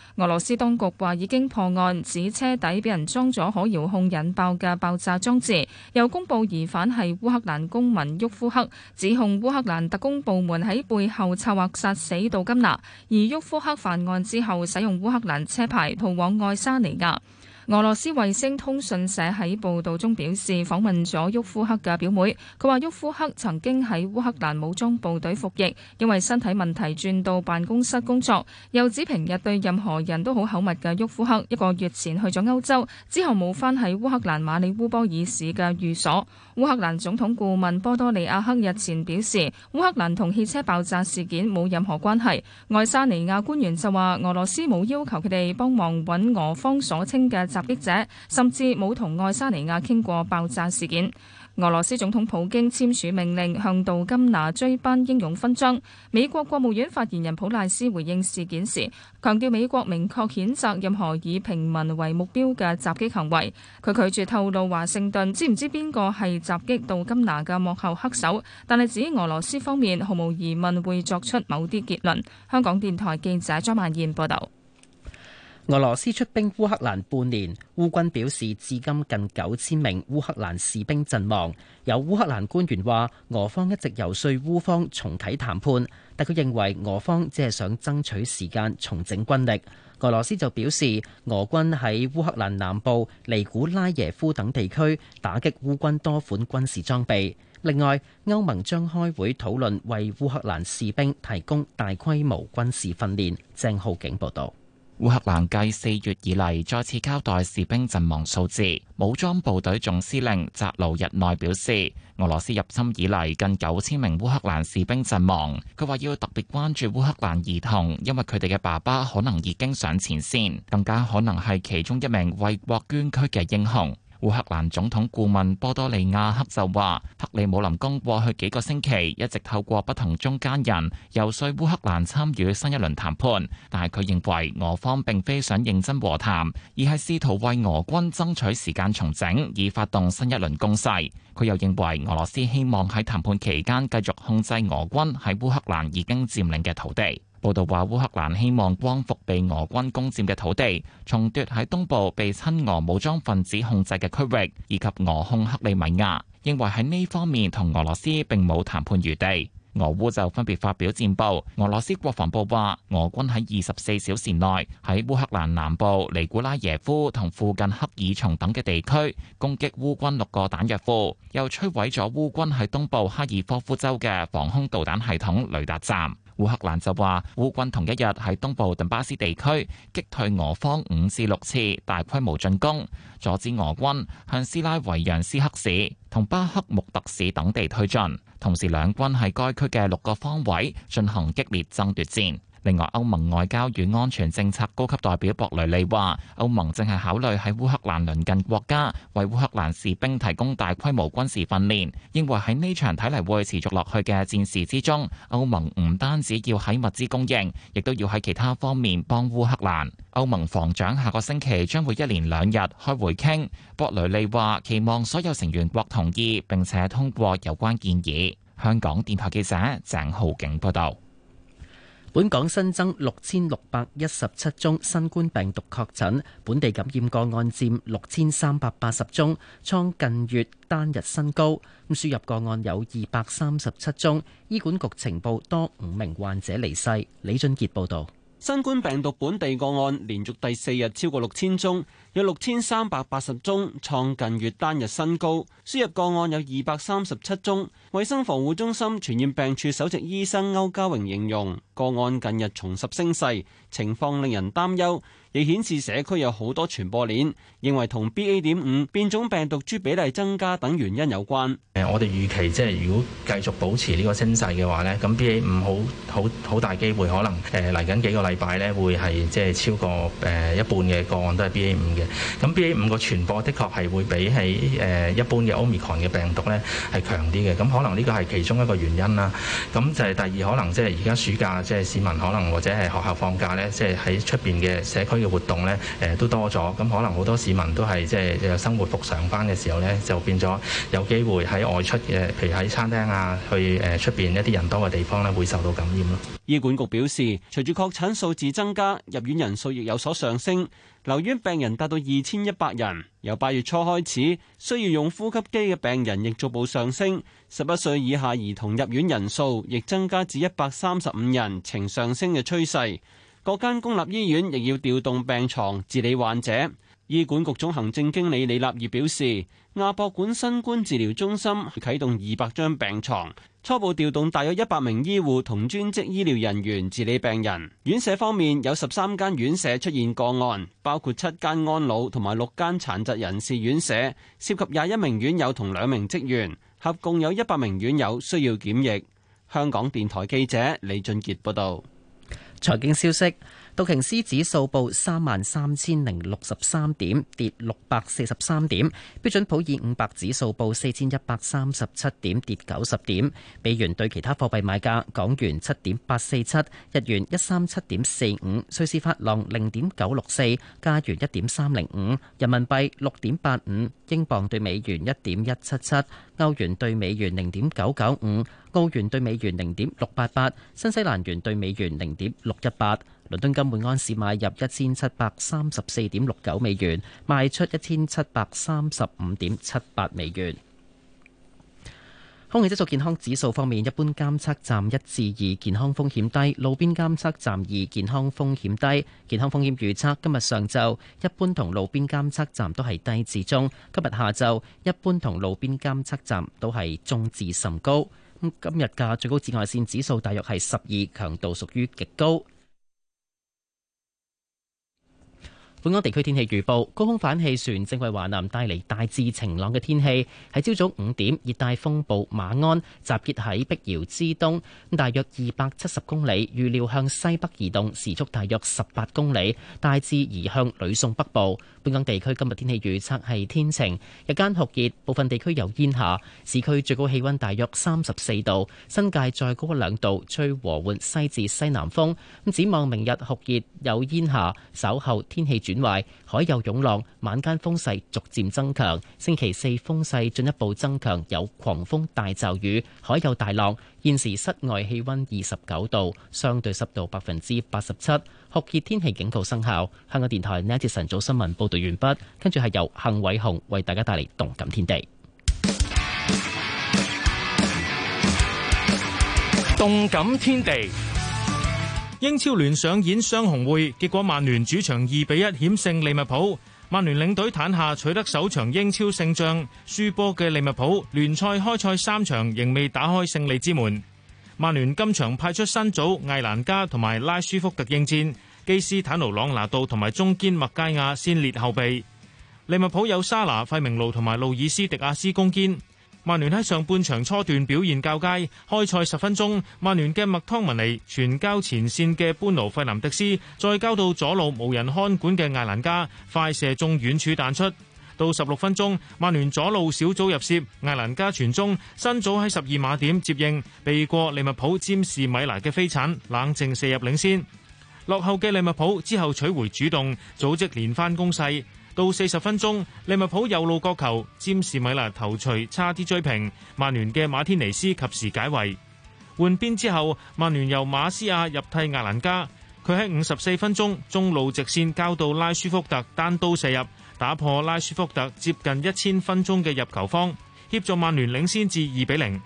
俄羅斯當局話已經破案，指車底俾人裝咗可遙控引爆嘅爆炸裝置，又公布疑犯係烏克蘭公民沃夫克，指控烏克蘭特工部門喺背後策劃殺死杜金娜，而沃夫克犯案之後使用烏克蘭車牌逃往愛沙尼亞。俄羅斯衛星通訊社喺報導中表示，訪問咗沃夫克嘅表妹，佢話沃夫克曾經喺烏克蘭武裝部隊服役，因為身體問題轉到辦公室工作。又指平日對任何人都好口密嘅沃夫克，一個月前去咗歐洲，之後冇返喺烏克蘭馬里烏波爾市嘅寓所。烏克蘭總統顧問波多利亞克日前表示，烏克蘭同汽車爆炸事件冇任何關係。愛沙尼亞官員就話，俄羅斯冇要求佢哋幫忙揾俄方所稱嘅炸。擊者甚至冇同愛沙尼亞傾過爆炸事件。俄羅斯總統普京簽署命令，向杜金娜追頒英勇勳章。美國國務院發言人普賴斯回應事件時，強調美國明確譴責任何以平民為目標嘅襲擊行為。佢拒絕透露華盛頓知唔知邊個係襲擊杜金娜嘅幕後黑手，但係指俄羅斯方面毫無疑問會作出某啲結論。香港電台記者張曼燕報道。俄羅斯出兵烏克蘭半年，烏軍表示至今近九千名烏克蘭士兵陣亡。有烏克蘭官員話，俄方一直遊說烏方重啟談判，但佢認為俄方只係想爭取時間重整軍力。俄羅斯就表示，俄軍喺烏克蘭南部尼古拉耶夫等地區打擊烏軍多款軍事裝備。另外，歐盟將開會討論為烏克蘭士兵提供大規模軍事訓練。鄭浩景報導。烏克蘭繼四月以嚟再次交代士兵陣亡數字，武裝部隊總司令扎盧日內表示，俄羅斯入侵以嚟近九千名烏克蘭士兵陣亡。佢話要特別關注烏克蘭兒童，因為佢哋嘅爸爸可能已經上前線，更加可能係其中一名為國捐軀嘅英雄。烏克蘭總統顧問波多利亞克就話，克里姆林宮過去幾個星期一直透過不同中間人游說烏克蘭參與新一輪談判，但係佢認為俄方並非想認真和談，而係試圖為俄軍爭取時間重整，以發動新一輪攻勢。佢又認為俄羅斯希望喺談判期間繼續控制俄軍喺烏克蘭已經佔領嘅土地。報道話，烏克蘭希望光復被俄軍攻占嘅土地，重奪喺東部被親俄武裝分子控制嘅區域，以及俄控克里米亞。認為喺呢方面同俄羅斯並冇談判餘地。俄烏就分別發表戰報。俄羅斯國防部話，俄軍喺二十四小時內喺烏克蘭南部尼古拉耶夫同附近克爾松等嘅地區攻擊烏軍六個彈藥庫，又摧毀咗烏軍喺東部哈爾科夫州嘅防空導彈系統雷達站。烏克蘭就話，烏軍同一日喺東部頓巴斯地區擊退俄方五至六次大規模進攻，阻止俄軍向斯拉維揚斯克市同巴克穆特市等地推進，同時兩軍喺該區嘅六個方位進行激烈爭奪戰。另外，歐盟外交與安全政策高級代表博雷利話：歐盟正係考慮喺烏克蘭鄰近國家為烏克蘭士兵提供大規模軍事訓練，認為喺呢場睇嚟會持續落去嘅戰事之中，歐盟唔單止要喺物資供應，亦都要喺其他方面幫烏克蘭。歐盟防長下個星期將會一連兩日開會傾。博雷利話：期望所有成員國同意並且通過有關建議。香港電台記者鄭浩景報道。本港新增六千六百一十七宗新冠病毒確診，本地感染個案佔六千三百八十宗，創近月單日新高。輸入個案有二百三十七宗，醫管局呈報多五名患者離世。李俊杰報道。新冠病毒本地個案連續第四日超過六千宗，有六千三百八十宗，創近月單日新高。輸入個案有二百三十七宗。衛生防護中心傳染病處首席醫生歐家榮形容，個案近日重拾升勢，情況令人擔憂。亦顯示社區有好多傳播鏈，認為同 B A. 點五變種病毒株比例增加等原因有關。誒，我哋預期即係如果繼續保持呢個升勢嘅話咧，咁 B A. 五好好好大機會可能誒嚟緊幾個禮拜咧會係即係超過誒一半嘅個案都係 B A. 五嘅。咁 B A. 五嘅傳播的確係會比起誒一般嘅 Omicron 嘅病毒咧係強啲嘅。咁可能呢個係其中一個原因啦。咁就係第二，可能即係而家暑假即係、就是、市民可能或者係學校放假咧，即係喺出邊嘅社區，嘅活動咧，誒都多咗，咁可能好多市民都係即係生活復常上班嘅時候咧，就變咗有機會喺外出嘅，譬如喺餐廳啊，去誒出邊一啲人多嘅地方咧，會受到感染咯。醫管局表示，隨住確診數字增加，入院人數亦有所上升，留院病人達到二千一百人。由八月初開始，需要用呼吸機嘅病人亦逐步上升。十一歲以下兒童入院人數亦增加至一百三十五人，呈上升嘅趨勢。各間公立醫院亦要調動病床治理患者。醫管局總行政經理李立業表示，亞博館新冠治療中心啟動二百張病床，初步調動大約一百名醫護同專職醫療人員治理病人。院舍方面有十三間院舍出現個案，包括七間安老同埋六間殘疾人士院舍，涉及廿一名院友同兩名職員，合共有一百名院友需要檢疫。香港電台記者李俊傑報道。財經消息。道瓊斯指數報三萬三千零六十三點，跌六百四十三點。標準普爾五百指數報四千一百三十七點，跌九十點。美元對其他貨幣買價：港元七點八四七，日元一三七點四五，瑞士法郎零點九六四，加元一點三零五，人民幣六點八五，英鎊對美元一點一七七，歐元對美元零點九九五，澳元對美元零點六八八，新西蘭元對美元零點六一八。倫敦金每安士買入一千七百三十四點六九美元，賣出一千七百三十五點七八美元。空氣質素健康指數方面，一般監測站一至二健康風險低，路邊監測站二健康風險低。健康風險預測，今日上晝一般同路邊監測站都係低至中，今日下晝一般同路邊監測站都係中至甚高。今日嘅最高紫外線指數大約係十二，強度屬於極高。本港地區天氣預報，高空反氣旋正為華南帶嚟大致晴朗嘅天氣，喺朝早五點，熱帶風暴馬鞍集結喺碧瑤之東大約二百七十公里，預料向西北移動，時速大約十八公里，大致移向呂宋北部。本港地區今日天氣預測係天晴，日間酷熱，部分地區有煙霞。市區最高氣溫大約三十四度，新界再高兩度，吹和緩西至西南風，咁展望明日酷熱有煙霞，稍後天氣轉轉壞，海有湧浪，晚間風勢逐漸增強。星期四風勢進一步增強，有狂風大驟雨，海有大浪。現時室外氣溫二十九度，相對濕度百分之八十七，酷熱天氣警告生效。香港電台呢一節晨早新聞報道完畢，跟住係由幸偉雄為大家帶嚟動感天地。動感天地。英超聯上演雙紅會，結果曼聯主場二比一險勝利物浦。曼聯領隊坦下取得首場英超勝仗，輸波嘅利物浦聯賽開賽三場仍未打開勝利之門。曼聯今場派出新組艾蘭加同埋拉舒福特應戰，基斯坦奴朗拿度同埋中堅麥加亞先列後備。利物浦有沙拿費明路同埋路爾斯迪亞斯攻堅。曼聯喺上半場初段表現較佳，開賽十分鐘，曼聯嘅麥湯文尼傳交前線嘅班奴費林迪斯，再交到左路無人看管嘅艾蘭加，快射中遠處彈出。到十六分鐘，曼聯左路小組入楔，艾蘭加傳中，辛祖喺十二碼點接應，避過利物浦占士米拿嘅飛鏟，冷靜射入領先。落後嘅利物浦之後取回主動，組織連番攻勢。到四十分鐘，利物浦右路角球，占士米拿頭槌差啲追平，曼聯嘅馬天尼斯及時解圍。換邊之後，曼聯由馬斯亞入替亞蘭加，佢喺五十四分鐘中路直線交到拉舒福特單刀射入，打破拉舒福特接近一千分鐘嘅入球荒，協助曼聯領先至二比零。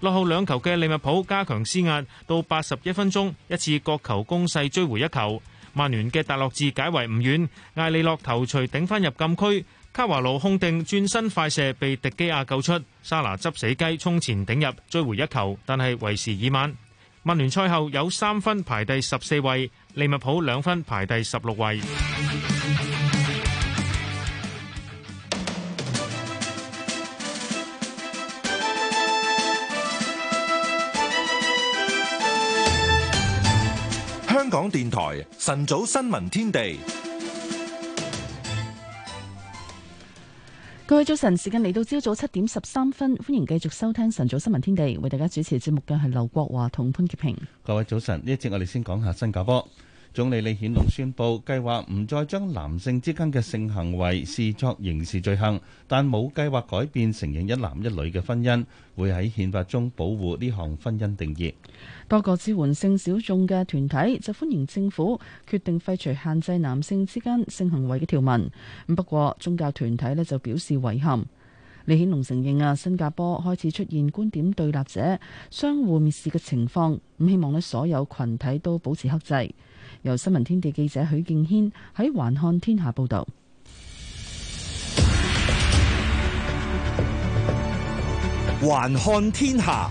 落後兩球嘅利物浦加強施壓，到八十一分鐘一次角球攻勢追回一球。曼聯嘅達洛治解圍唔遠，艾利諾頭錘頂返入禁區，卡華奴空定轉身快射被迪基亞救出，沙拿執死雞衝前頂入追回一球，但係為時已晚。曼聯賽後有三分排第十四位，利物浦兩分排第十六位。香港電台晨早新聞天地，各位早晨，時間嚟到朝早七點十三分，歡迎繼續收聽晨早新聞天地，為大家主持節目嘅係劉國華同潘潔平。各位早晨，呢一節我哋先講下新加坡總理李顯龍宣布，計劃唔再將男性之間嘅性行為視作刑事罪行，但冇計劃改變承認一男一女嘅婚姻會喺憲法中保護呢項婚姻定義。多個支援性小眾嘅團體就歡迎政府決定廢除限制男性之間性行為嘅條文。咁不過宗教團體呢就表示遺憾。李顯龍承認啊，新加坡開始出現觀點對立者相互蔑視嘅情況。咁希望呢所有群體都保持克制。由新聞天地記者許敬軒喺《環看天下》報道。環看天下。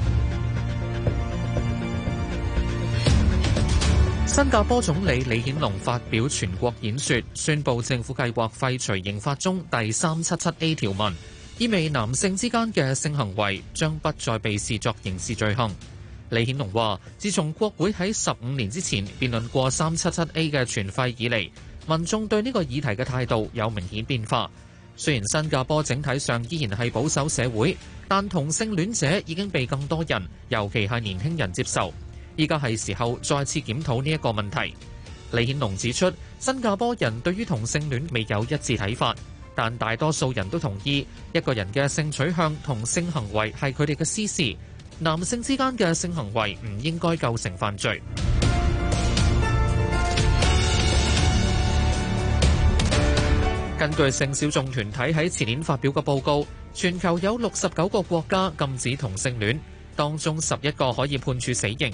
新加坡總理李顯龍發表全國演說，宣布政府計劃廢除刑法中第三七七 A 條文，意味男性之間嘅性行為將不再被視作刑事罪行。李顯龍話：自從國會喺十五年之前辯論過三七七 A 嘅存廢以嚟，民眾對呢個議題嘅態度有明顯變化。雖然新加坡整體上依然係保守社會，但同性戀者已經被更多人，尤其係年輕人接受。依家係時候再次檢討呢一個問題。李顯龍指出，新加坡人對於同性戀未有一致睇法，但大多數人都同意，一個人嘅性取向同性行為係佢哋嘅私事，男性之間嘅性行為唔應該構成犯罪。根據性小眾團體喺前年發表嘅報告，全球有六十九個國家禁止同性戀，當中十一個可以判處死刑。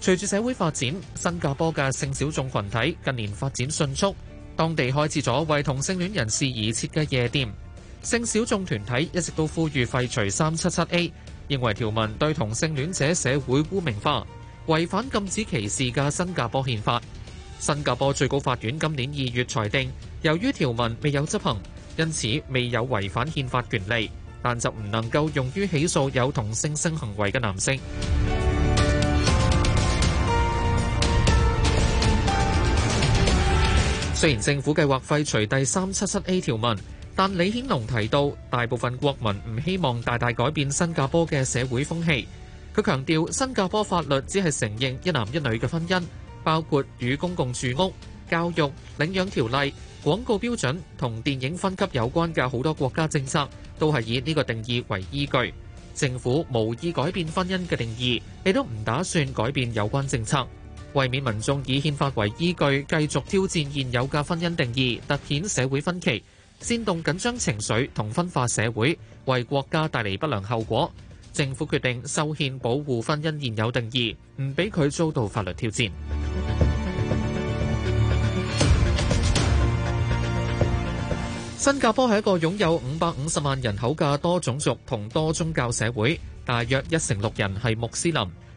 隨住社會發展，新加坡嘅性小眾群體近年發展迅速，當地開設咗為同性戀人士而設嘅夜店。性小眾團體一直都呼籲廢除 377A，認為條文對同性戀者社會污名化，違反禁止歧視嘅新加坡憲法。新加坡最高法院今年二月裁定，由於條文未有執行，因此未有違反憲法權利，但就唔能夠用於起訴有同性性行為嘅男性。雖然政府計劃廢除第三七七 A 條文，但李顯龍提到，大部分國民唔希望大大改變新加坡嘅社會風氣。佢強調，新加坡法律只係承認一男一女嘅婚姻，包括與公共住屋、教育、領養條例、廣告標準同電影分級有關嘅好多國家政策，都係以呢個定義為依據。政府無意改變婚姻嘅定義，亦都唔打算改變有關政策。為免民眾以憲法為依據繼續挑戰現有嘅婚姻定義凸顯社會分歧、煽動緊張情緒同分化社會，為國家帶嚟不良後果，政府決定修憲保護婚姻現有定義，唔俾佢遭到法律挑戰。新加坡係一個擁有五百五十萬人口嘅多種族同多宗教社會，大約一成六人係穆斯林。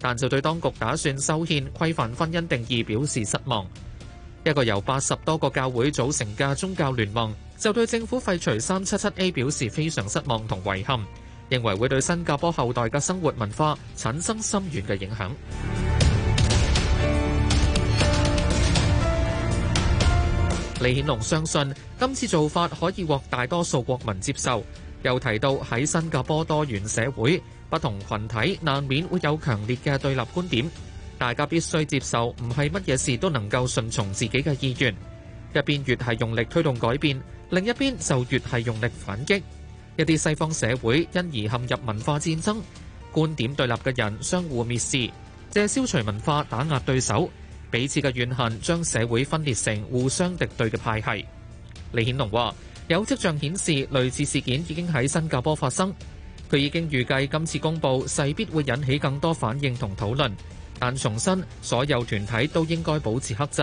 但就對當局打算修憲規範婚姻定義表示失望。一個由八十多個教會組成嘅宗教聯盟就對政府廢除三七七 A 表示非常失望同遺憾，認為會對新加坡後代嘅生活文化產生深遠嘅影響。李顯龍相信今次做法可以獲大多數國民接受，又提到喺新加坡多元社會。不同群體難免會有強烈嘅對立觀點，大家必須接受唔係乜嘢事都能夠順從自己嘅意願。一邊越係用力推動改變，另一邊就越係用力反擊。一啲西方社會因而陷入文化戰爭，觀點對立嘅人相互蔑視，借消除文化打壓對手，彼此嘅怨恨將社會分裂成互相敵對嘅派系。李顯龍話，有跡象顯示類似事件已經喺新加坡發生。佢已經預計今次公佈勢必會引起更多反應同討論，但重申所有團體都應該保持克制，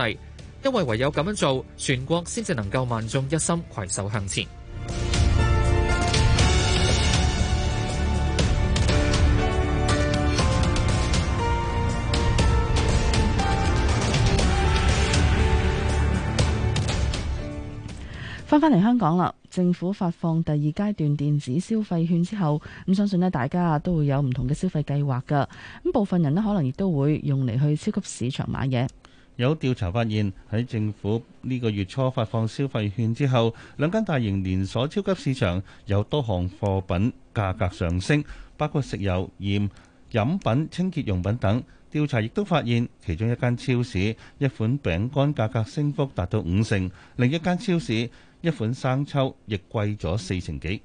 因為唯有咁樣做，全國先至能夠萬眾一心攜手向前。翻嚟香港啦，政府發放第二階段電子消費券之後，咁相信咧，大家都會有唔同嘅消費計劃噶，咁部分人咧，可能亦都會用嚟去超級市場買嘢。有調查發現，喺政府呢個月初發放消費券之後，兩間大型連鎖超級市場有多項貨品價格上升，包括食油、鹽、飲品、清潔用品等。調查亦都發現，其中一間超市一款餅乾價格升幅達到五成，另一間超市。一款生抽亦貴咗四成幾。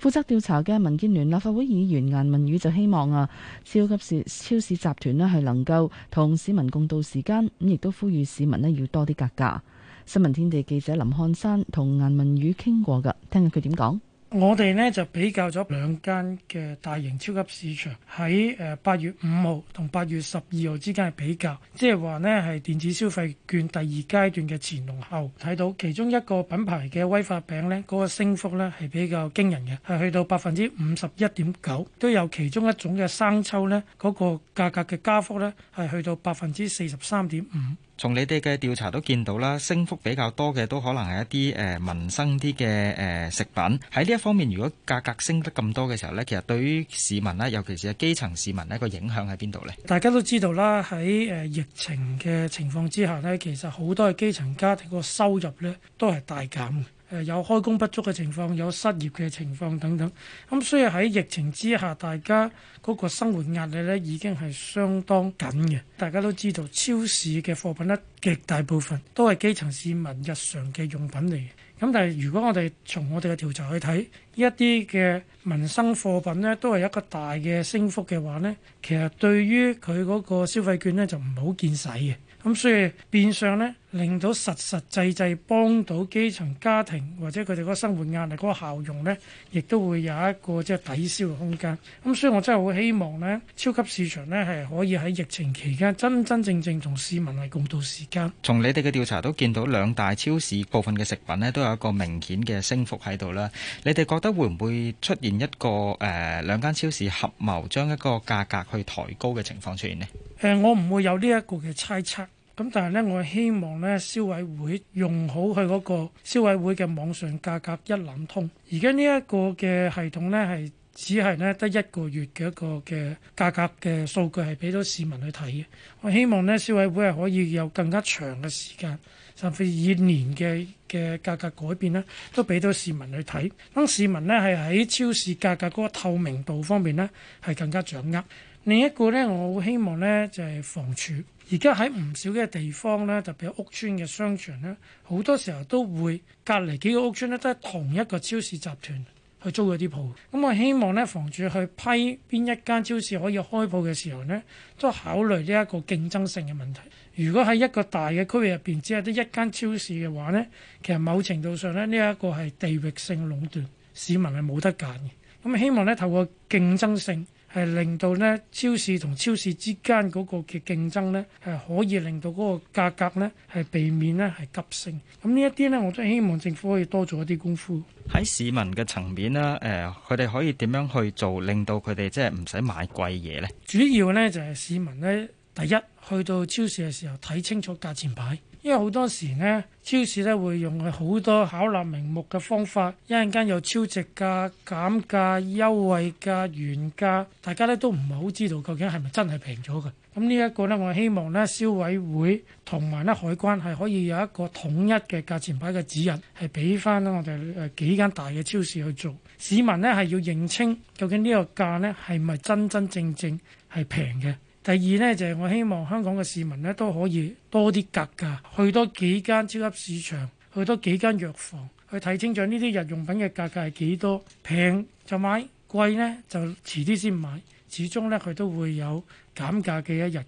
負責調查嘅民建聯立法會議員顏汶羽就希望啊，超級市超市集團呢係能夠同市民共渡時艱，咁亦都呼籲市民呢要多啲格價。新聞天地記者林漢山同顏汶羽傾過㗎，聽下佢點講。我哋呢就比較咗兩間嘅大型超級市場喺誒八月五號同八月十二號之間嘅比較，即係話呢係電子消費券第二階段嘅前同後睇到其中一個品牌嘅威化餅呢，嗰個升幅呢係比較驚人嘅，係去到百分之五十一點九，都有其中一種嘅生抽呢，嗰個價格嘅加幅呢係去到百分之四十三點五。從你哋嘅調查都見到啦，升幅比較多嘅都可能係一啲誒、呃、民生啲嘅誒食品。喺呢一方面，如果價格升得咁多嘅時候呢，其實對於市民咧，尤其是係基層市民呢，個影響喺邊度呢？大家都知道啦，喺誒、呃、疫情嘅情況之下呢，其實好多嘅基層家庭個收入呢都係大減。有開工不足嘅情況，有失業嘅情況等等，咁所以喺疫情之下，大家嗰個生活壓力咧已經係相當緊嘅。大家都知道，超市嘅貨品咧極大部分都係基層市民日常嘅用品嚟嘅。咁但係如果我哋從我哋嘅調查去睇，一啲嘅民生貨品咧都係一個大嘅升幅嘅話咧，其實對於佢嗰個消費券咧就唔好見使嘅。咁所以變相咧。令到實實際際幫到基層家庭或者佢哋嗰生活壓力嗰個效用咧，亦都會有一個即係抵消嘅空間。咁所以我真係好希望咧，超級市場咧係可以喺疫情期間真真正正同市民係共度時間。從你哋嘅調查都見到兩大超市部分嘅食品咧，都有一個明顯嘅升幅喺度啦。你哋覺得會唔會出現一個誒兩間超市合謀將一個價格去抬高嘅情況出現咧？誒，我唔會有呢一個嘅猜測。咁但係咧，我希望咧，消委會用好佢嗰個消委會嘅網上價格一覽通。而家呢一個嘅系統咧，係只係咧得一個月嘅一個嘅價格嘅數據係俾到市民去睇嘅。我希望咧，消委會係可以有更加長嘅時間，甚至以年嘅嘅價格改變咧，都俾到市民去睇，當市民咧係喺超市價格嗰個透明度方面咧係更加掌握。另一個咧，我好希望咧就係房署。而家喺唔少嘅地方咧，特別屋邨嘅商場咧，好多時候都會隔離幾個屋邨咧，都係同一個超市集團去租嗰啲鋪。咁我希望咧，房主去批邊一間超市可以開鋪嘅時候咧，都考慮呢一個競爭性嘅問題。如果喺一個大嘅區域入邊只係得一間超市嘅話咧，其實某程度上咧，呢一個係地域性壟斷，市民係冇得揀嘅。咁希望咧，透過競爭性。係令到呢超市同超市之間嗰個嘅競爭呢，係可以令到嗰個價格呢係避免呢係急升。咁呢一啲呢，我都希望政府可以多做一啲功夫。喺市民嘅層面啦，誒、呃，佢哋可以點樣去做，令到佢哋即係唔使買貴嘢呢？主要呢，就係市民呢，第一去到超市嘅時候睇清楚價錢牌。因為好多時呢，超市呢會用好多巧立名目嘅方法，一陣間有超值價、減價、優惠價、原價，大家呢都唔係好知道究竟係咪真係平咗嘅。咁呢一個呢，我希望呢，消委會同埋呢海關係可以有一個統一嘅價錢牌嘅指引，係俾翻我哋誒幾間大嘅超市去做。市民呢係要認清究竟呢個價呢係咪真真正正係平嘅。第二呢，就係我希望香港嘅市民呢，都可以多啲格價，去多幾間超級市場，去多幾間藥房，去睇清楚呢啲日用品嘅價格係幾多，平就買，貴呢就遲啲先買。始終呢，佢都會有減價嘅一日。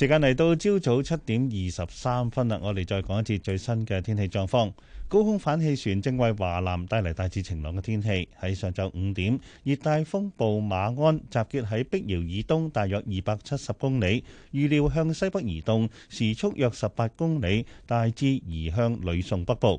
時間嚟到朝早七點二十三分啦，我哋再講一次最新嘅天氣狀況。高空反氣旋正為華南帶嚟大致晴朗嘅天氣。喺上晝五點，熱帶風暴馬鞍集結喺碧瑤以東大約二百七十公里，預料向西北移動，時速約十八公里，大致移向呂宋北部。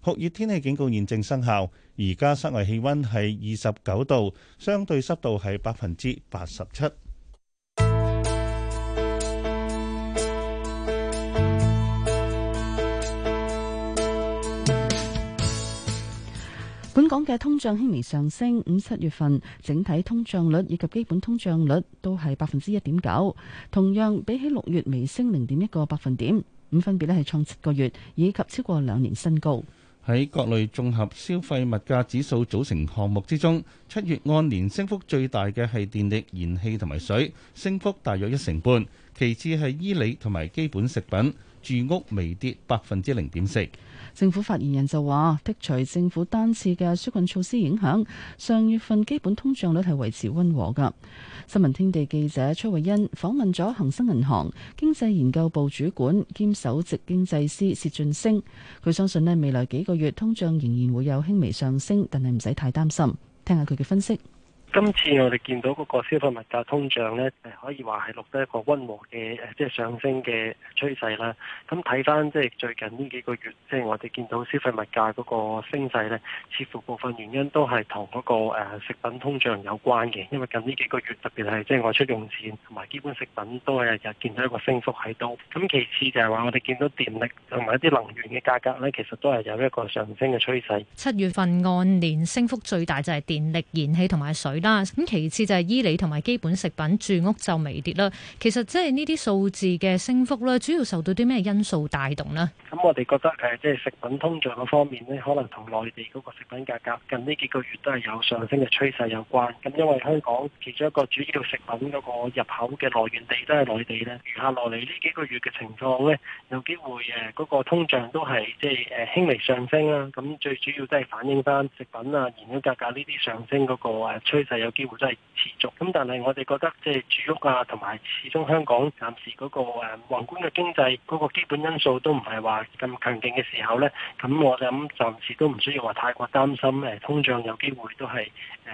酷熱天氣警告現正生效，而家室外氣溫係二十九度，相對濕度係百分之八十七。本港嘅通脹輕微上升，五七月份整體通脹率以及基本通脹率都係百分之一點九，同樣比起六月微升零點一個百分點，咁分別咧係創七個月以及超過兩年新高。喺各類綜合消費物價指數組成項目之中，七月按年升幅最大嘅係電力、燃氣同埋水，升幅大約一成半；其次係衣履同埋基本食品，住屋微跌百分之零點四。政府發言人就話：剔除政府單次嘅紓困措施影響，上月份基本通脹率係維持溫和嘅。新聞天地記者崔慧欣訪問咗恒生銀行經濟研究部主管兼首席經濟師薛俊升，佢相信呢未來幾個月通脹仍然會有輕微上升，但係唔使太擔心。聽下佢嘅分析。今次我哋見到嗰個消費物價通脹咧，誒可以話係錄得一個溫和嘅誒，即係上升嘅趨勢啦。咁睇翻即係最近呢幾個月，即係我哋見到消費物價嗰個升勢咧，似乎部分原因都係同嗰個誒食品通脹有關嘅。因為近呢幾個月特別係即係外出用錢同埋基本食品都係日日見到一個升幅喺度。咁其次就係話我哋見到電力同埋一啲能源嘅價格咧，其實都係有一個上升嘅趨勢。七月份按年升幅最大就係電力、燃氣同埋水啦，咁其次就係衣履同埋基本食品，住屋就微跌啦。其實即係呢啲數字嘅升幅咧，主要受到啲咩因素帶動呢？咁我哋覺得誒，即係食品通脹嗰方面咧，可能同內地嗰個食品價格近呢幾個月都係有上升嘅趨勢有關。咁因為香港其中一個主要食品嗰個入口嘅來源地都係內地呢，餘下落嚟呢幾個月嘅情況呢，有機會誒嗰個通脹都係即係誒輕微上升啦。咁最主要都係反映翻食品啊、燃料價格呢啲上升嗰個誒趨。就有機會都係持續，咁但係我哋覺得即係住屋啊，同埋始終香港暫時嗰個誒宏觀嘅經濟嗰個基本因素都唔係話咁強勁嘅時候咧，咁我諗暫時都唔需要話太過擔心誒通脹有機會都係誒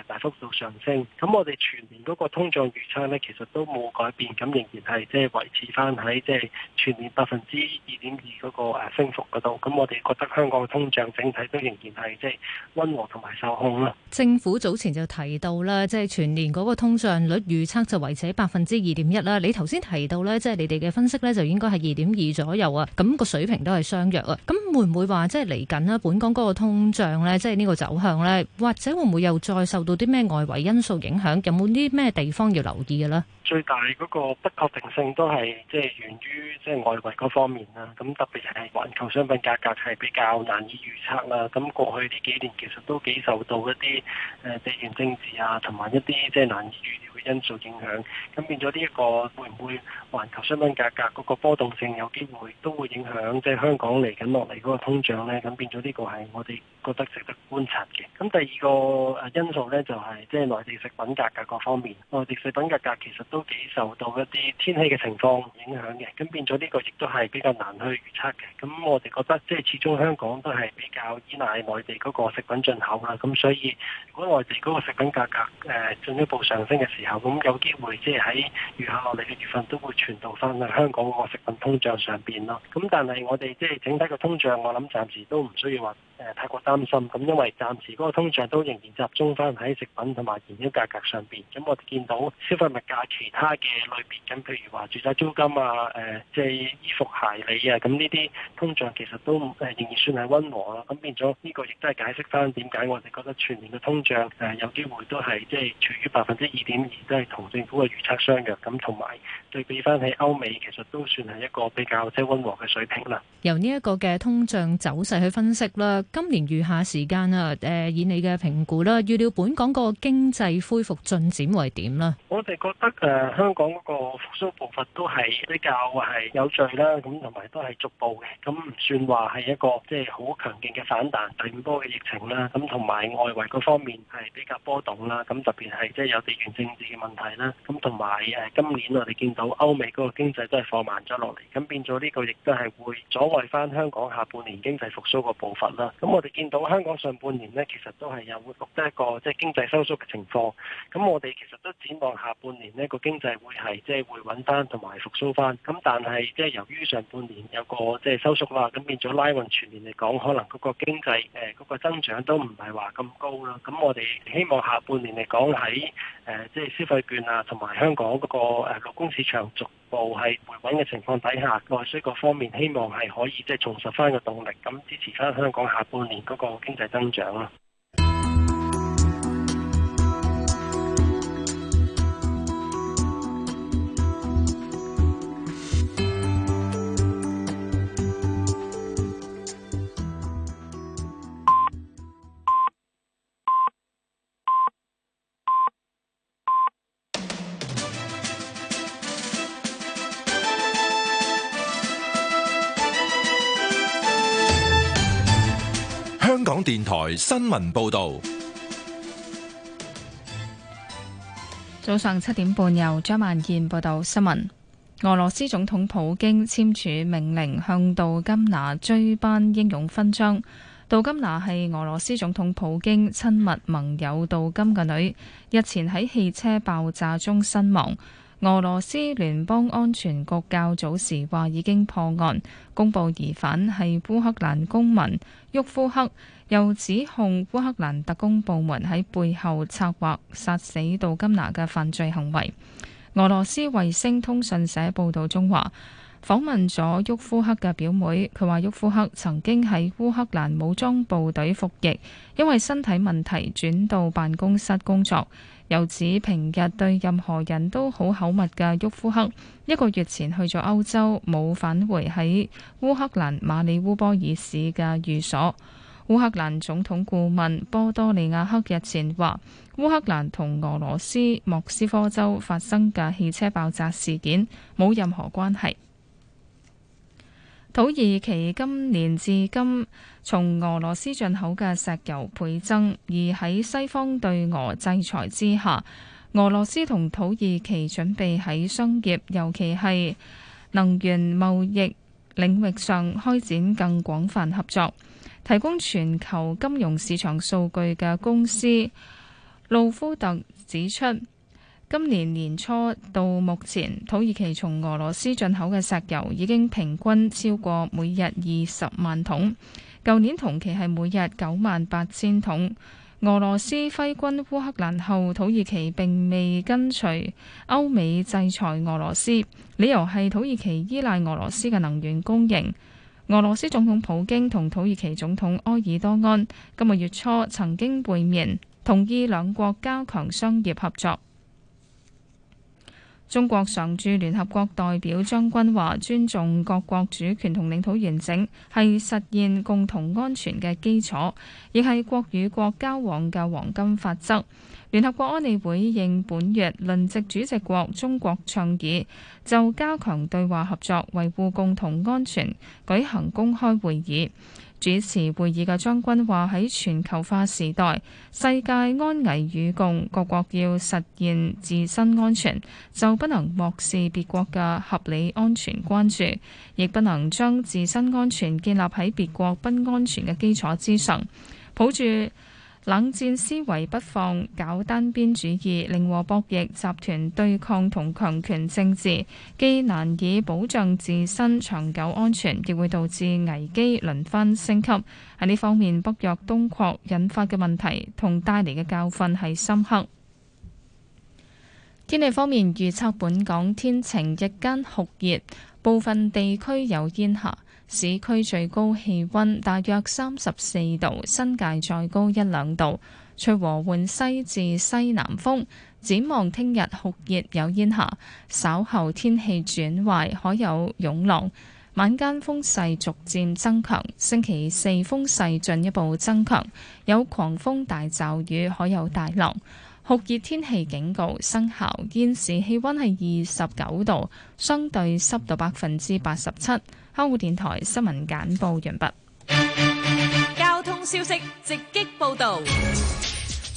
大幅度上升。咁我哋全年嗰個通脹預測咧，其實都冇改變，咁仍然係即係維持翻喺即係全年百分之二點二嗰個升幅嗰度。咁我哋覺得香港通脹整體都仍然係即係溫和同埋受控咯。政府早前就提到。即係全年嗰個通脹率預測就維持喺百分之二點一啦。你頭先提到咧，即係你哋嘅分析咧，就應該係二點二左右啊。咁個水平都係相約啊。咁會唔會話即係嚟緊咧？本港嗰個通脹咧，即係呢個走向咧，或者會唔會又再受到啲咩外圍因素影響？有冇啲咩地方要留意嘅咧？最大嗰個不確定性都係即係源於即係外圍嗰方面啦，咁特別係環球商品價格係比較難以預測啦。咁過去呢幾年其實都幾受到一啲誒地緣政治啊，同埋一啲即係難以預料因素影響，咁變咗呢一個會唔會環球商品價格嗰個波動性有機會都會影響，即係香港嚟緊落嚟嗰個通脹咧，咁變咗呢個係我哋覺得值得觀察嘅。咁第二個誒因素咧就係即係內地食品價格,格各方面，內地食品價格,格其實都幾受到一啲天氣嘅情況影響嘅，咁變咗呢個亦都係比較難去預測嘅。咁我哋覺得即係始終香港都係比較依賴內地嗰個食品進口啦，咁所以如果內地嗰個食品價格誒、呃、進一步上升嘅時候，咁、嗯、有機會，即係喺餘下落嚟嘅月份都會傳導翻去香港個食品通脹上邊咯。咁、嗯、但係我哋即係整體個通脹，我諗暫時都唔需要話，誒、呃，太過擔心咁、嗯，因為暫時嗰個通脹都仍然集中翻喺食品同埋燃料價格上邊。咁、嗯、我哋見到消費物價其他嘅類別，咁、嗯、譬如話住宅租金啊，誒、呃，即係衣服鞋履啊，咁呢啲通脹其實都誒仍然算係溫和啦。咁、嗯、變咗呢個亦都係解釋翻點解我哋覺得全年嘅通脹誒有機會都係即係處於百分之二點二，都係同政府嘅預測相約。咁同埋。對比翻喺歐美，其實都算係一個比較即係溫和嘅水平啦。由呢一個嘅通脹走勢去分析啦，今年餘下時間啊，誒、呃、以你嘅評估啦，預料本港個經濟恢復進展為點咧？我哋覺得誒、呃、香港嗰個復甦步伐都係比較係有序啦，咁同埋都係逐步嘅，咁唔算話係一個即係好強勁嘅反彈。第五波嘅疫情啦，咁同埋外圍嗰方面係比較波動啦，咁特別係即係有地緣政治嘅問題啦，咁同埋誒今年我哋見到到歐美嗰個經濟真係放慢咗落嚟，咁變咗呢個亦都係會阻礙翻香港下半年經濟復甦個步伐啦。咁我哋見到香港上半年呢，其實都係有錄得一個即係經濟收縮嘅情況。咁我哋其實都展望下半年呢個經濟會係即係會回穩翻同埋復甦翻。咁但係即係由於上半年有個即係收縮啦，咁變咗拉勻全年嚟講，可能嗰個經濟誒嗰個增長都唔係話咁高啦。咁我哋希望下半年嚟講喺誒即係消費券啊，同埋香港嗰個誒勞工市場，逐步係回穩嘅情況底下，外需各方面希望係可以即係、就是、重拾翻個動力，咁支持翻香港下半年嗰個經濟增長啦。電台新聞報道：早上七點半有，由張萬健報道新聞。俄羅斯總統普京簽署命令，向杜金娜追頒英勇勳章。杜金娜係俄羅斯總統普京親密盟友杜金嘅女，日前喺汽車爆炸中身亡。俄羅斯聯邦安全局較早時話已經破案，公布疑犯係烏克蘭公民沃夫克。又指控烏克蘭特工部門喺背後策劃殺死杜金娜嘅犯罪行為。俄羅斯衛星通訊社報道中話，訪問咗沃夫克嘅表妹，佢話沃夫克曾經喺烏克蘭武裝部隊服役，因為身體問題轉到辦公室工作。又指平日對任何人都好口密嘅沃夫克，一個月前去咗歐洲，冇返回喺烏克蘭馬里烏波爾市嘅寓所。烏克蘭總統顧問波多利亞克日前話，烏克蘭同俄羅斯莫斯科州發生嘅汽車爆炸事件冇任何關係。土耳其今年至今從俄羅斯進口嘅石油倍增，而喺西方對俄制裁之下，俄羅斯同土耳其準備喺商業，尤其係能源貿易領域上開展更廣泛合作。提供全球金融市場數據嘅公司路夫特指出，今年年初到目前，土耳其從俄羅斯進口嘅石油已經平均超過每日二十萬桶，舊年同期係每日九萬八千桶。俄羅斯揮軍烏克蘭後，土耳其並未跟隨歐美制裁俄羅斯，理由係土耳其依賴俄羅斯嘅能源供應。俄羅斯總統普京同土耳其總統埃爾多安今個月初曾經會面，同意兩國加強商業合作。中國常駐聯合國代表張軍話：尊重各國主權同領土完整，係實現共同安全嘅基礎，亦係國與國交往嘅黃金法則。聯合國安理會應本月輪值主席國中國倡議，就加強對話合作、維護共同安全，舉行公開會議。主持會議嘅張軍話：喺全球化時代，世界安危與共，各國要實現自身安全，就不能漠視別國嘅合理安全關注，亦不能將自身安全建立喺別國不安全嘅基礎之上，抱住冷戰思維不放，搞單邊主義、零和博弈、集團對抗同強權政治，既難以保障自身長久安全，亦會導致危機輪番升級。喺呢方面，北約東擴引發嘅問題同帶嚟嘅教訓係深刻。天氣方面預測，預測本港天晴，日間酷熱，部分地區有煙霞。市區最高氣溫大約三十四度，新界再高一兩度。吹和緩西至西南風。展望聽日酷熱有煙霞，稍後天氣轉壞，可有湧浪。晚間風勢逐漸增強，星期四風勢進一步增強，有狂風大驟雨，可有大浪。酷熱天氣警告生效。現時氣溫係二十九度，相對濕度百分之八十七。香港電台新聞簡報完畢。交通消息直擊報導。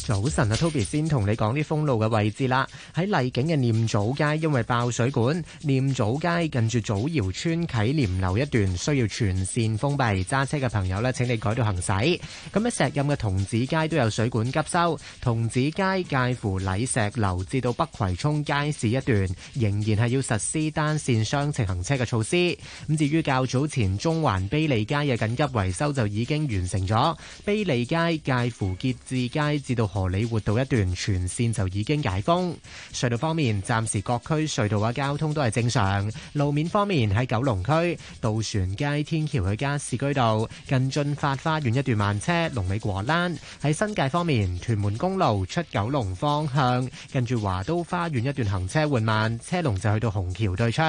早晨啊，Toby 先同你講啲封路嘅位置啦。喺麗景嘅念祖街，因為爆水管，念祖街近住祖堯邨啟廉樓一段需要全線封閉，揸車嘅朋友咧，請你改道行駛。咁喺石蔭嘅童子街都有水管急修，童子街介乎禮石樓至到北葵涌街市一段仍然係要實施單線雙程行車嘅措施。咁至於較早前中環卑利街嘅緊急維修就已經完成咗，卑利街介乎結志街至到，荷里活道一段全線就已經解封。隧道方面，暫時各區隧道嘅交通都係正常。路面方面，喺九龍區渡船街天橋去加士居道近駿發花園一段慢車龍尾果欄。喺新界方面，屯門公路出九龍方向近住華都花園一段行車緩慢，車龍就去到紅橋對出。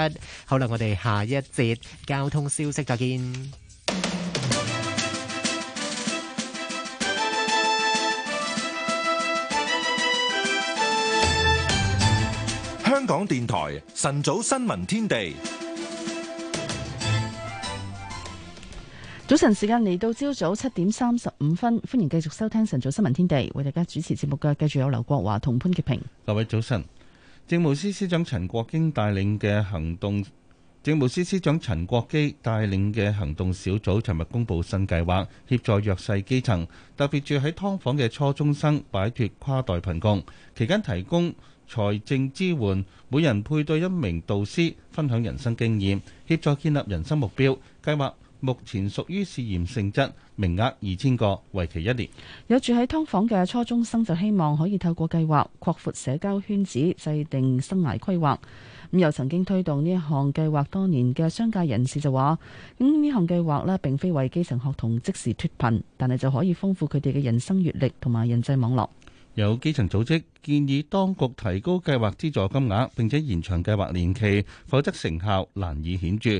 好啦，我哋下一節交通消息再見。港電台晨早新聞天地，早晨時間嚟到朝早七點三十五分，歡迎繼續收聽晨早新聞天地，為大家主持節目嘅繼續有劉國華同潘潔平。各位早晨，政務司司長陳國基帶領嘅行動，政務司司長陳國基帶領嘅行動小組，尋日公布新計劃，協助弱勢基層，特別住喺劏房嘅初中生擺脫跨代貧窮，期間提供。財政支援，每人配對一名導師，分享人生經驗，協助建立人生目標。計劃目前屬於試驗性質，名額二千個，為期一年。有住喺劏房嘅初中生就希望可以透過計劃擴闊社交圈子，制定生涯規劃。咁又曾經推動呢一項計劃多年嘅商界人士就話，咁、嗯、呢項計劃咧並非為基層學童即時脫貧，但係就可以豐富佢哋嘅人生閱歷同埋人際網絡。有基層組織建議當局提高計劃資助金額，並且延長計劃年期，否則成效難以顯著。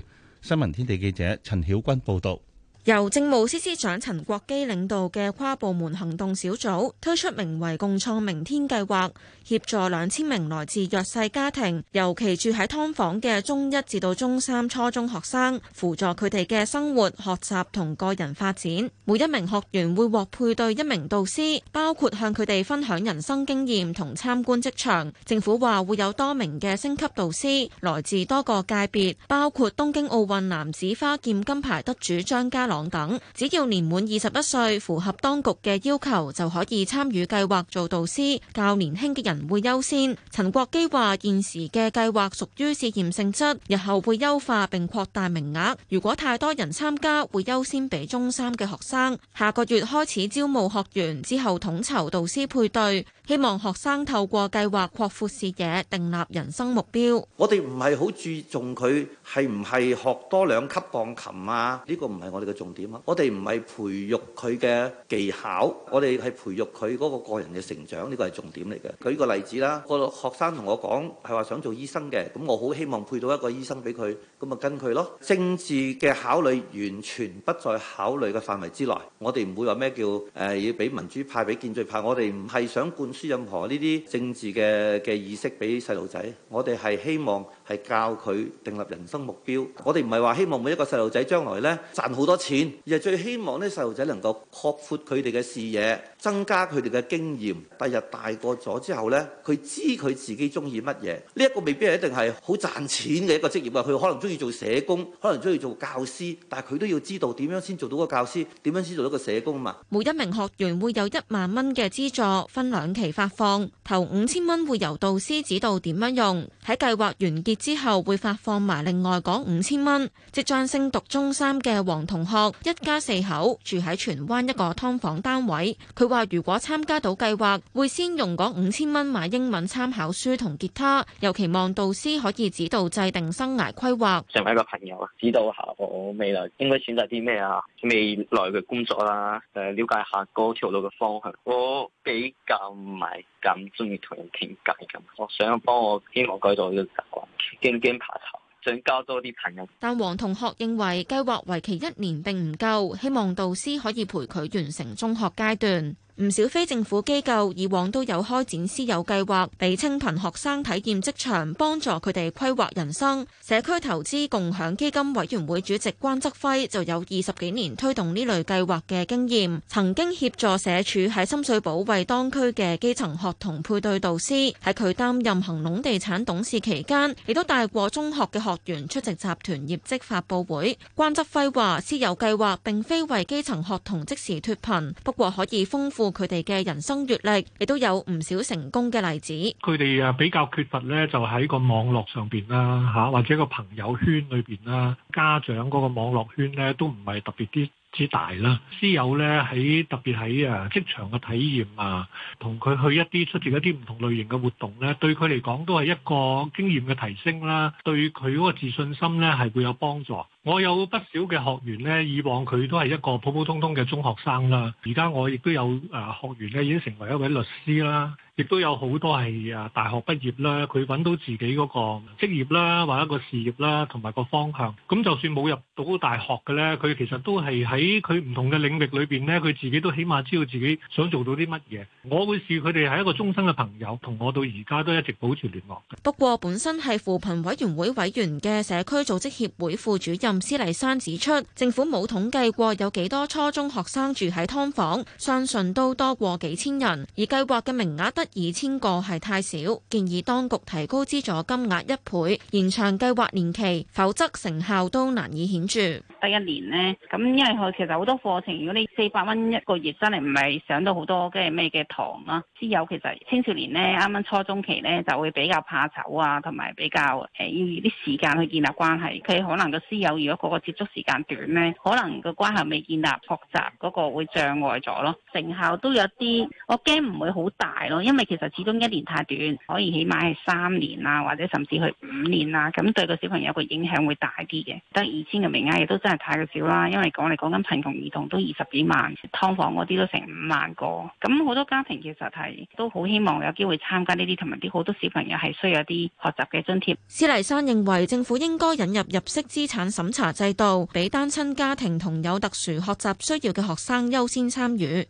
新聞天地記者陳曉君報導。由政務司司長陳國基領導嘅跨部門行動小組推出名為《共創明天計劃》，協助兩千名來自弱勢家庭，尤其住喺劏房嘅中一至到中三初中學生，輔助佢哋嘅生活、學習同個人發展。每一名學員會獲配對一名導師，包括向佢哋分享人生經驗同參觀職場。政府話會有多名嘅星級導師，來自多個界別，包括東京奧運男子花劍金牌得主張家朗。等，只要年滿二十一歲，符合當局嘅要求就可以參與計劃做導師，較年輕嘅人會優先。陳國基話：現時嘅計劃屬於試驗性質，日後會優化並擴大名額。如果太多人參加，會優先俾中三嘅學生。下個月開始招募學員，之後統籌導師配對。希望學生透過計劃擴闊視野、訂立人生目標。我哋唔係好注重佢係唔係學多兩級鋼琴啊。呢、這個唔係我哋嘅重點啊！我哋唔係培育佢嘅技巧，我哋係培育佢嗰個個人嘅成長，呢、這個係重點嚟嘅。舉個例子啦，嗰個學生同我講係話想做醫生嘅，咁我好希望配到一個醫生俾佢，咁啊跟佢咯。政治嘅考慮完全不在考慮嘅範圍之內，我哋唔會話咩叫誒、呃、要俾民主派俾建制派，我哋唔係想灌任何呢啲政治嘅嘅意識俾細路仔，我哋係希望係教佢訂立人生目標。我哋唔係話希望每一個細路仔將來呢賺好多錢，而係最希望呢細路仔能夠擴闊佢哋嘅視野，增加佢哋嘅經驗。第日大個咗之後呢，佢知佢自己中意乜嘢。呢一個未必係一定係好賺錢嘅一個職業啊！佢可能中意做社工，可能中意做教師，但係佢都要知道點樣先做到個教師，點樣先做到個社工嘛。每一名學員會有一萬蚊嘅資助，分兩期。發放頭五千蚊會由導師指導點樣用，喺計劃完結之後會發放埋另外嗰五千蚊。即將升讀中三嘅黃同學，一家四口住喺荃灣一個劏房單位。佢話如果參加到計劃，會先用嗰五千蚊買英文參考書同吉他，又期望導師可以指導制定生涯規劃。成為個朋友指導下我未來應該選擇啲咩啊，未來嘅工作啦，誒，了解下嗰條路嘅方向。我比較。唔係咁中意同人傾偈咁，我想幫我希望改咗呢個習慣，驚驚爬頭，想交多啲朋友。但黃同學認為計劃為期一年並唔夠，希望導師可以陪佢完成中學階段。唔少非政府機構以往都有開展私有計劃，俾清貧學生體驗職場，幫助佢哋規劃人生。社區投資共享基金委員會主席關則輝就有二十幾年推動呢類計劃嘅經驗，曾經協助社署喺深水埗為當區嘅基層學童配對導師。喺佢擔任恒隆地產董事期間，亦都帶過中學嘅學員出席集團業績發佈會。關則輝話：私有計劃並非為基層學童即時脫貧，不過可以豐富。佢哋嘅人生閱歷，亦都有唔少成功嘅例子。佢哋啊，比較缺乏咧，就喺個網絡上邊啦，吓或者個朋友圈裏邊啦，家長嗰個網絡圈咧都唔係特別啲之大啦。師友咧喺特別喺啊職場嘅體驗啊，同佢去一啲出席一啲唔同類型嘅活動咧，對佢嚟講都係一個經驗嘅提升啦，對佢嗰個自信心咧係會有幫助。我有不少嘅學員咧，以往佢都係一個普普通通嘅中學生啦。而家我亦都有誒、啊、學員咧，已經成為一位律師啦，亦都有好多係誒大學畢業啦。佢揾到自己嗰個職業啦，或一個事業啦，同埋個方向。咁就算冇入到大學嘅咧，佢其實都係喺佢唔同嘅領域裏邊咧，佢自己都起碼知道自己想做到啲乜嘢。我會視佢哋係一個終生嘅朋友，同我到而家都一直保持聯絡嘅。不過本身係扶貧委員會委員嘅社區組織協會副主任。施麗珊指出，政府冇統計過有幾多初中學生住喺劏房，相信都多過幾千人。而計劃嘅名額得二千個係太少，建議當局提高資助金額一倍，延長計劃年期，否則成效都難以顯著。第一年呢，咁因為其實好多課程，如果你四百蚊一個月，真係唔係上到好多即係咩嘅堂啦。私友其實青少年呢啱啱初中期呢就會比較怕醜啊，同埋比較誒要啲時間去建立關係，佢可能個私友。如果個接觸時間短呢，可能個關係未建立，學習嗰個會障礙咗咯。成效都有啲，我驚唔會好大咯，因為其實始終一年太短，可以起碼係三年啊，或者甚至去五年啊，咁對個小朋友個影響會大啲嘅。得二千嘅名額亦都真係太過少啦，因為講嚟講緊貧窮兒童都二十幾萬，劏房嗰啲都成五萬個，咁好多家庭其實係都好希望有機會參加呢啲，同埋啲好多小朋友係需要一啲學習嘅津貼。施麗珊認為政府應該引入入，入息資產審查制度，俾單親家庭同有特殊學習需要嘅學生優先參與。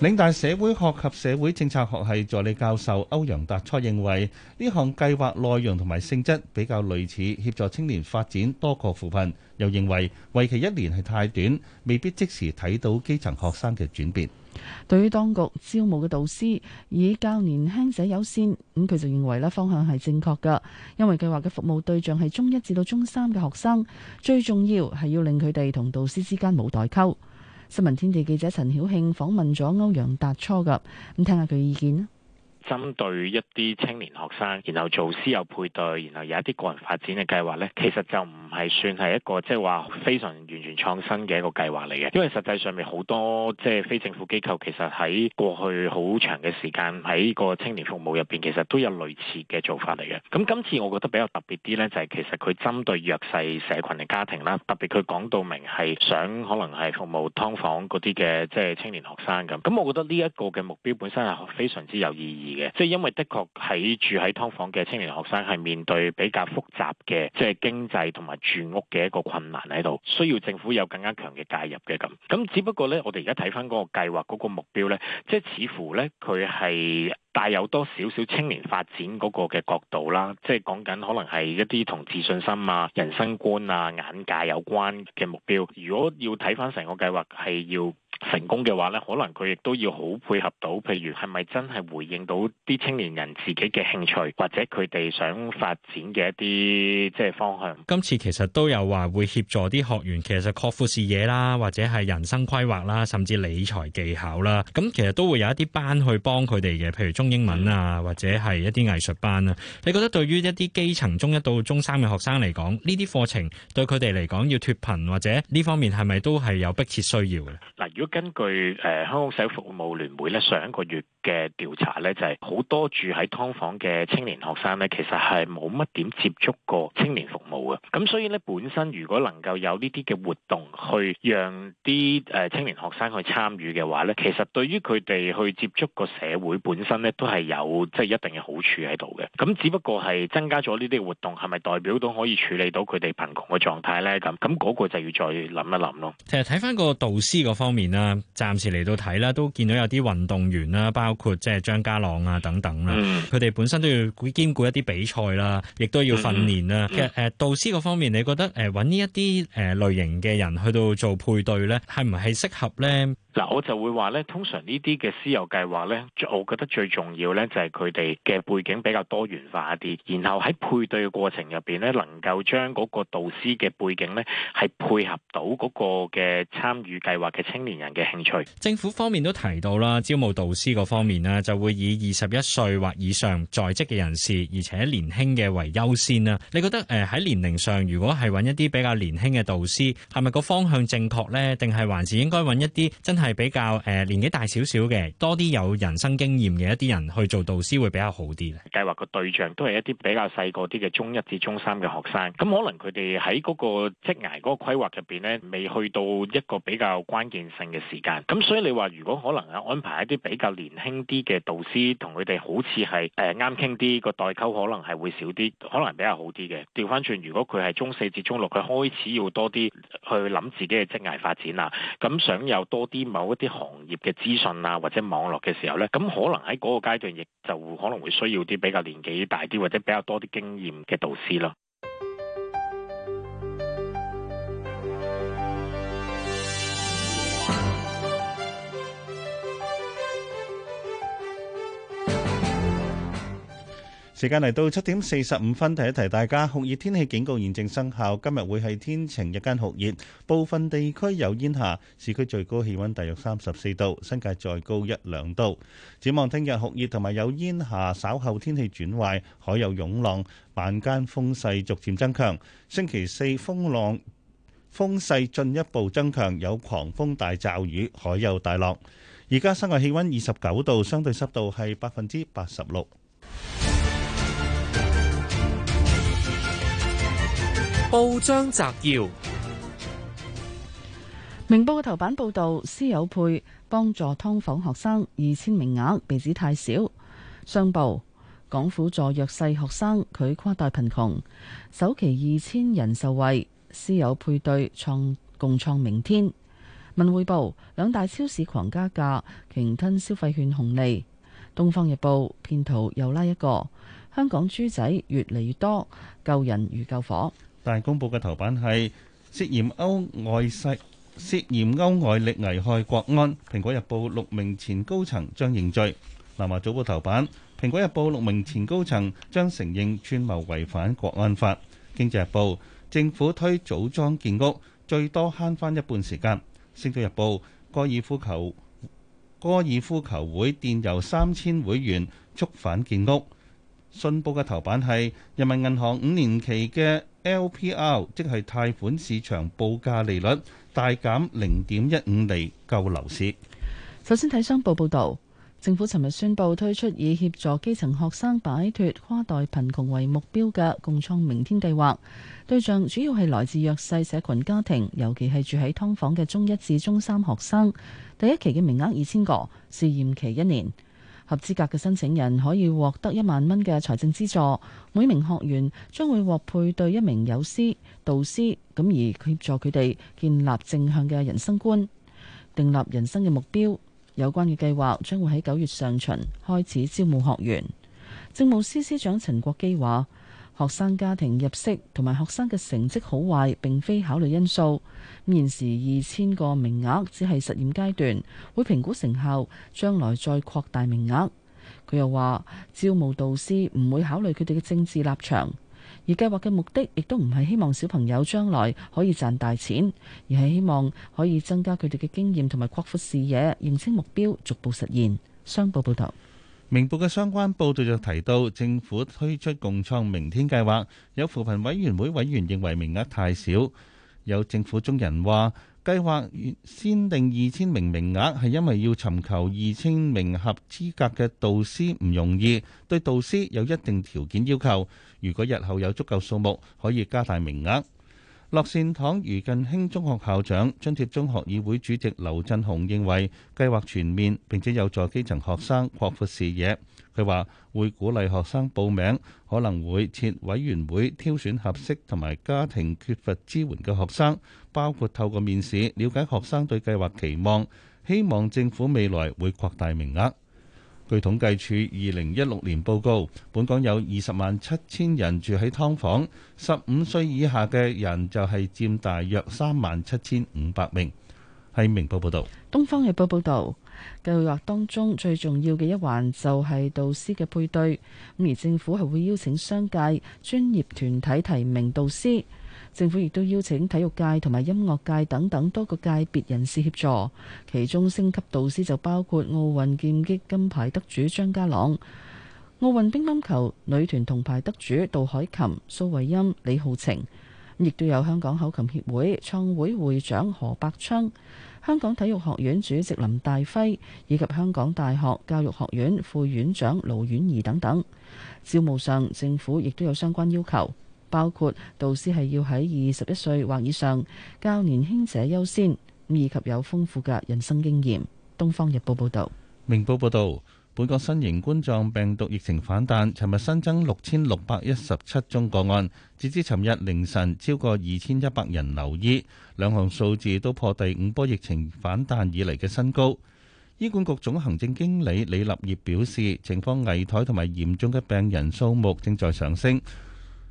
嶺大社會學及社會政策學系助理教授歐陽達初認為，呢項計劃內容同埋性質比較類似，協助青年發展多，多過扶貧。又認為，為期一年係太短，未必即時睇到基層學生嘅轉變。對於當局招募嘅導師以較年輕者優先，咁、嗯、佢就認為呢方向係正確嘅，因為計劃嘅服務對象係中一至到中三嘅學生，最重要係要令佢哋同導師之間冇代溝。新聞天地記者陳曉慶訪，訪問咗歐陽達初嘅，咁、嗯、聽下佢意見。針對一啲青年學生，然後做私有配對，然後有一啲個人發展嘅計劃咧，其實就唔係算係一個即係話非常完全創新嘅一個計劃嚟嘅。因為實際上面好多即係非政府機構其實喺過去好長嘅時間喺個青年服務入邊，其實都有類似嘅做法嚟嘅。咁今次我覺得比較特別啲咧，就係其實佢針對弱勢社群嘅家庭啦，特別佢講到明係想可能係服務劏房嗰啲嘅即係青年學生咁。咁我覺得呢一個嘅目標本身係非常之有意義。即係因為的確喺住喺劏房嘅青年學生係面對比較複雜嘅，即係經濟同埋住屋嘅一個困難喺度，需要政府有更加強嘅介入嘅咁。咁只不過呢，我哋而家睇翻嗰個計劃嗰個目標呢，即係似乎呢，佢係。但有多少少青年發展嗰個嘅角度啦，即係講緊可能係一啲同自信心啊、人生觀啊、眼界有關嘅目標。如果要睇翻成個計劃係要成功嘅話咧，可能佢亦都要好配合到，譬如係咪真係回應到啲青年人自己嘅興趣，或者佢哋想發展嘅一啲即係方向。今次其實都有話會協助啲學員，其實擴闊視野啦，或者係人生規劃啦，甚至理財技巧啦。咁其實都會有一啲班去幫佢哋嘅，譬如。中英文啊，或者係一啲藝術班啊，你覺得對於一啲基層中一到中三嘅學生嚟講，呢啲課程對佢哋嚟講要脫貧或者呢方面係咪都係有迫切需要嘅？嗱，如果根據誒香港社會服務聯會咧上一個月嘅調查咧，就係好多住喺劏房嘅青年學生咧，其實係冇乜點接觸過青年服務嘅。咁所以咧，本身如果能夠有呢啲嘅活動去讓啲誒青年學生去參與嘅話咧，其實對於佢哋去接觸個社會本身咧。都係有即係一定嘅好處喺度嘅，咁只不過係增加咗呢啲活動，係咪代表到可以處理到佢哋貧窮嘅狀態咧？咁咁嗰個就要再諗一諗咯。其實睇翻個導師嗰方面啦，暫時嚟到睇啦，都見到有啲運動員啦，包括即係張家朗啊等等啦，佢哋、嗯、本身都要兼顧一啲比賽啦，亦都要訓練啦。嗯嗯、其實誒，導師嗰方面，你覺得誒揾呢一啲誒類型嘅人去到做配對咧，係唔係適合咧？嗱，我就會話咧，通常呢啲嘅師友計劃咧，我覺得最重要咧就係佢哋嘅背景比較多元化一啲，然後喺配對嘅過程入邊咧，能夠將嗰個導師嘅背景咧係配合到嗰個嘅參與計劃嘅青年人嘅興趣。政府方面都提到啦，招募導師嗰方面啦，就會以二十一歲或以上在職嘅人士，而且年輕嘅為優先啦。你覺得誒喺、呃、年齡上，如果係揾一啲比較年輕嘅導師，係咪個方向正確咧？定係還是應該揾一啲真係。係比較誒、呃、年紀大少少嘅，多啲有人生經驗嘅一啲人去做導師會比較好啲咧。計劃個對象都係一啲比較細個啲嘅中一至中三嘅學生，咁可能佢哋喺嗰個職涯嗰個規劃入邊呢，未去到一個比較關鍵性嘅時間。咁所以你話，如果可能啊安排一啲比較年輕啲嘅導師同佢哋好似係誒啱傾啲個代溝可能係會少啲，可能比較好啲嘅。調翻轉，如果佢係中四至中六，佢開始要多啲去諗自己嘅職涯發展啦，咁想有多啲。某一啲行業嘅資訊啊，或者網絡嘅時候咧，咁可能喺嗰個階段亦就可能會需要啲比較年紀大啲或者比較多啲經驗嘅導師咯。時間嚟到七點四十五分，提一提大家酷熱天氣警告現正生效，今日會係天晴日間酷熱，部分地區有煙霞，市區最高氣溫大約三十四度，新界再高一兩度。展望聽日酷熱同埋有煙霞，稍後天氣轉壞，海有湧浪，晚間風勢逐漸增強。星期四風浪風勢進一步增強，有狂風大驟雨，海有大浪。而家室外氣溫二十九度，相對濕度係百分之八十六。報章摘要：明報嘅頭版報道，私有配幫助劏房學生二千名額，被指太少。商報：港府助弱勢學生，佢誇大貧窮，首期二千人受惠。私有配對創共創明天。文匯報：兩大超市狂加價，鯨吞消費券紅利。東方日報：騙徒又拉一個，香港豬仔越嚟越多，救人如救火。但大公報嘅頭版係涉嫌歐外勢，涉嫌歐外力危害國安。蘋果日報六名前高層將認罪。南華早報頭版，蘋果日報六名前高層將承認串謀違反國安法。經濟日報，政府推組裝建屋，最多慳翻一半時間。星島日報，高爾夫球，高爾夫球會電郵三千會員促反建屋。信報嘅頭版係人民銀行五年期嘅。LPR 即係貸款市場報價利率，大減零點一五厘救樓市。首先睇商報報導，政府尋日宣布推出以協助基層學生擺脱跨代貧窮為目標嘅共創明天計劃，對象主要係來自弱勢社群家庭，尤其係住喺劏房嘅中一至中三學生。第一期嘅名額二千個，試驗期一年。合資格嘅申請人可以獲得一萬蚊嘅財政資助，每名學員將會獲配對一名友師導師，咁而協助佢哋建立正向嘅人生觀，訂立人生嘅目標。有關嘅計劃將會喺九月上旬開始招募學員。政務司司長陳國基話。學生家庭入息同埋學生嘅成績好壞並非考慮因素。咁現時二千個名額只係實驗階段，會評估成效，將來再擴大名額。佢又話：招募導師唔會考慮佢哋嘅政治立場，而計劃嘅目的亦都唔係希望小朋友將來可以賺大錢，而係希望可以增加佢哋嘅經驗同埋擴闊視野，認清目標，逐步實現。商報報道。明報嘅相關報導就提到，政府推出共創明天計劃，有扶貧委員會委員認為名額太少，有政府中人話計劃先定二千名名額係因為要尋求二千名合資格嘅導師唔容易，對導師有一定條件要求。如果日後有足夠數目，可以加大名額。樂善堂余近興中學校長、津貼中學議會主席劉振雄認為，計劃全面，並且有助基層學生擴闊視野。佢話會鼓勵學生報名，可能會設委員會挑選合適同埋家庭缺乏支援嘅學生，包括透過面試了解學生對計劃期望。希望政府未來會擴大名額。據統計處二零一六年報告，本港有二十萬七千人住喺劏房，十五歲以下嘅人就係佔大約三萬七千五百名。係明報報導，東方日報報道，計劃當中最重要嘅一環就係導師嘅配對，咁而政府係會邀請商界專業團體提名導師。政府亦都邀請體育界同埋音樂界等等多個界別人士協助，其中星級導師就包括奧運劍擊金牌得主張家朗、奧運乒乓球女團銅牌得主杜海琴、蘇慧音、李浩晴，亦都有香港口琴協會創會會長何伯昌、香港體育學院主席林大輝以及香港大學教育學院副院長盧婉儀等等。招募上，政府亦都有相關要求。包括導師係要喺二十一歲或以上，較年輕者優先，以及有豐富嘅人生經驗。《東方日報》報道，《明報》報道，本國新型冠狀病毒疫情反彈，尋日新增六千六百一十七宗個案，截至尋日凌晨超過二千一百人留醫，兩項數字都破第五波疫情反彈以嚟嘅新高。醫管局總行政經理李立業表示，情況危殆同埋嚴重嘅病人數目正在上升。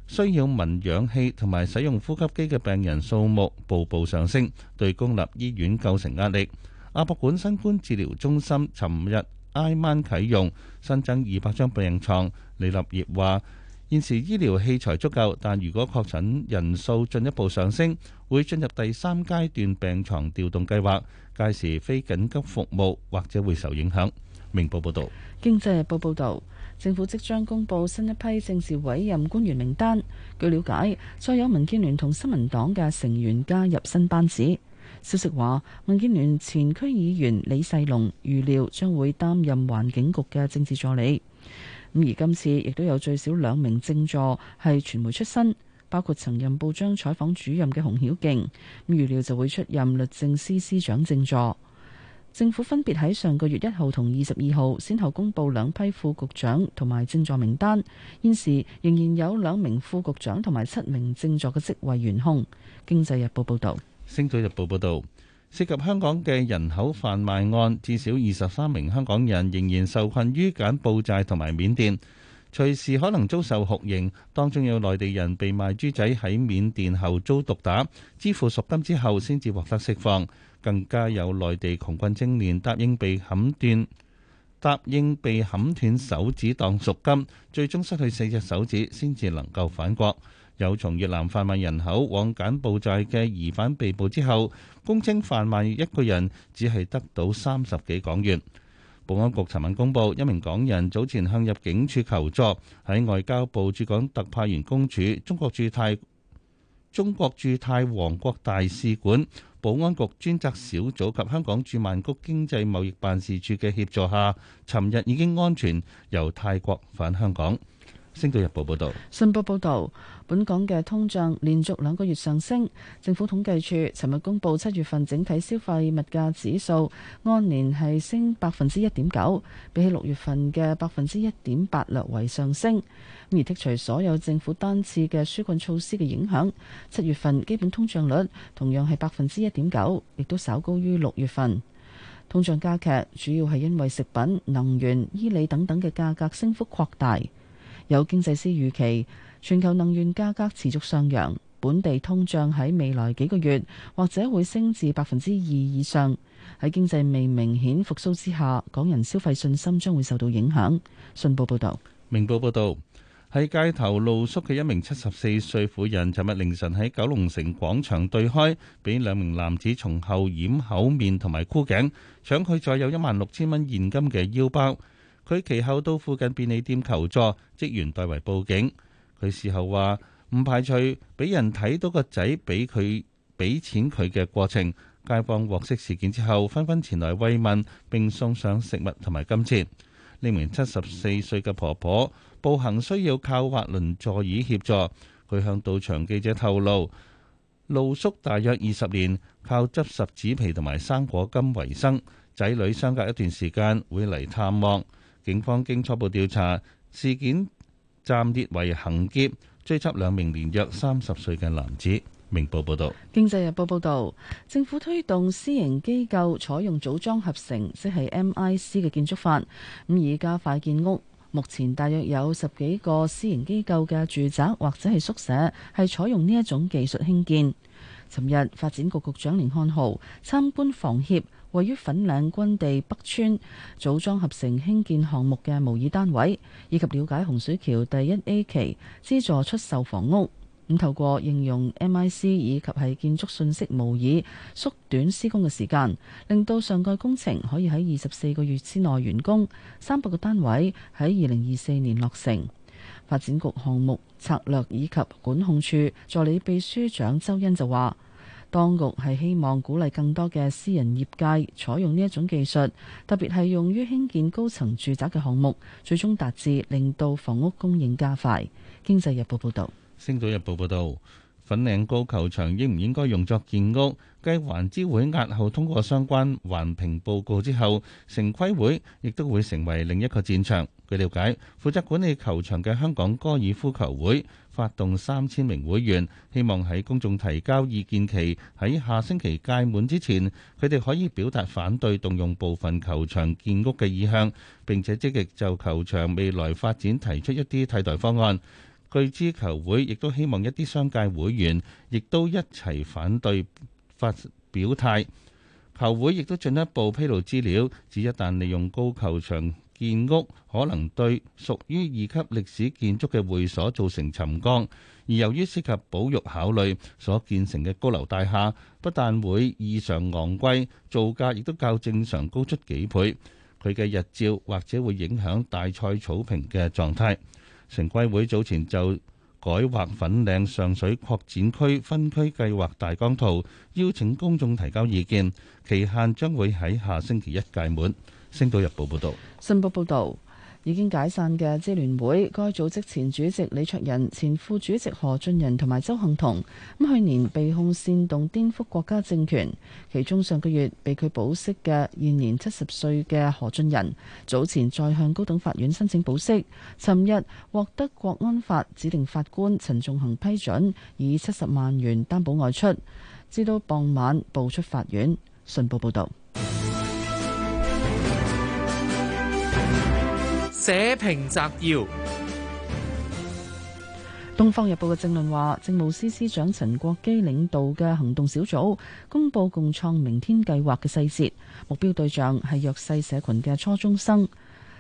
需要聞氧氣同埋使用呼吸機嘅病人數目步步上升，對公立醫院構成壓力。亞博館新冠治療中心尋日挨晚啟用，新增二百張病床。李立業話：現時醫療器材足夠，但如果確診人數進一步上升，會進入第三階段病床調動計劃，屆時非緊急服務或者會受影響。明報報導，經濟日報報導。政府即將公布新一批政治委任官員名單，據了解，再有民建聯同新聞黨嘅成員加入新班子。消息話民建聯前區議員李世龍預料將會擔任環境局嘅政治助理。咁而今次亦都有最少兩名政助係傳媒出身，包括曾任報章採訪主任嘅洪曉勁，預料就會出任律政司司長政助。政府分別喺上個月一號同二十二號，先後公布兩批副局長同埋政助名單。現時仍然有兩名副局長同埋七名政助嘅職位員空。經濟日報報道。星島日報報道，涉及香港嘅人口販賣案，至少二十三名香港人仍然受困於柬埔寨同埋緬甸。隨時可能遭受酷刑，當中有內地人被賣豬仔喺緬甸後遭毒打，支付贖金之後先至獲得釋放。更加有內地窮困青年答應被砍斷，答應被砍斷手指當贖金，最終失去四隻手指先至能夠返國。有從越南販賣人口往柬埔寨嘅疑犯被捕之後，供稱販賣一個人只係得到三十幾港元。保安局尋晚公布，一名港人早前向入境處求助，喺外交部駐港特派員公署、中國駐泰中國駐泰王國大使館、保安局專責小組及香港駐曼谷經濟貿易辦事處嘅協助下，尋日已經安全由泰國返香港。《星島日報》報道，信報報道，本港嘅通脹連續兩個月上升。政府統計處尋日公布七月份整體消費物價指數，按年係升百分之一點九，比起六月份嘅百分之一點八略為上升。而剔除所有政府單次嘅紓困措施嘅影響，七月份基本通脹率同樣係百分之一點九，亦都稍高於六月份。通脹加劇主要係因為食品、能源、醫理等等嘅價格升幅擴大。有經濟師預期，全球能源價格持續上揚，本地通脹喺未來幾個月或者會升至百分之二以上。喺經濟未明顯復甦之下，港人消費信心將會受到影響。信報報道，明報報道：「喺街頭露宿嘅一名七十四歲婦人，尋日凌晨喺九龍城廣場對開，俾兩名男子從後掩口面同埋箍頸，搶佢載有一萬六千蚊現金嘅腰包。佢其後到附近便利店求助，職員代為報警。佢事後話唔排除俾人睇到個仔俾佢俾錢佢嘅過程。街坊獲悉事件之後，紛紛前來慰問並送上食物同埋金錢。呢名七十四歲嘅婆婆步行需要靠滑輪座椅協助。佢向到場記者透露，露宿大約二十年，靠執拾紙皮同埋生果金為生。仔女相隔一段時間會嚟探望。警方經初步調查，事件暫列為行劫，追緝兩名年約三十歲嘅男子。明報報道。《經濟日報》報導，政府推動私營機構採用組裝合成，即係 MIC 嘅建築法，咁以加快建屋。目前大約有十幾個私營機構嘅住宅或者係宿舍係採用呢一種技術興建。尋日發展局局長林漢豪參觀房協。位於粉嶺軍地北村組裝合成興建項目嘅模擬單位，以及了解洪水橋第一 A 期資助出售房屋。咁透過應用 MIC 以及係建築信息模擬，縮短施工嘅時間，令到上蓋工程可以喺二十四個月之內完工，三百個單位喺二零二四年落成。發展局項目策略以及管控處助理秘書長周恩就話。當局係希望鼓勵更多嘅私人業界採用呢一種技術，特別係用於興建高層住宅嘅項目，最終達至令到房屋供應加快。經濟日報報導，星島日報報導。粉嶺高球場應唔應該用作建屋？繼環諮會押後通過相關環評報告之後，城規會亦都會成為另一個戰場。據了解，負責管理球場嘅香港高爾夫球會發動三千名會員，希望喺公眾提交意見期喺下星期屆滿之前，佢哋可以表達反對動用部分球場建屋嘅意向，並且積極就球場未來發展提出一啲替代方案。據知球會亦都希望一啲商界會員亦都一齊反對發表態，球會亦都進一步披露資料，指一旦利用高球場建屋，可能對屬於二級歷史建築嘅會所造成沉降。而由於涉及保育考慮，所建成嘅高樓大廈不但會異常昂貴，造價亦都較正常高出幾倍。佢嘅日照或者會影響大賽草坪嘅狀態。城規會早前就改劃粉嶺上水擴展區分區計劃大綱圖，邀請公眾提交意見，期限將會喺下星期一屆滿。星島日報報道，新報報道。已經解散嘅支聯會，該組織前主席李卓人、前副主席何俊仁同埋周幸彤，咁去年被控煽動顛覆國家政權，其中上個月被佢保釋嘅現年七十歲嘅何俊仁，早前再向高等法院申請保釋，尋日獲得國安法指定法官陳仲恒批准，以七十萬元擔保外出，至到傍晚步出法院。信報報道。舍評摘要，《東方日報》嘅政論話，政務司司長陳國基領導嘅行動小組公布《共創明天計劃》嘅細節，目標對象係弱勢社群嘅初中生。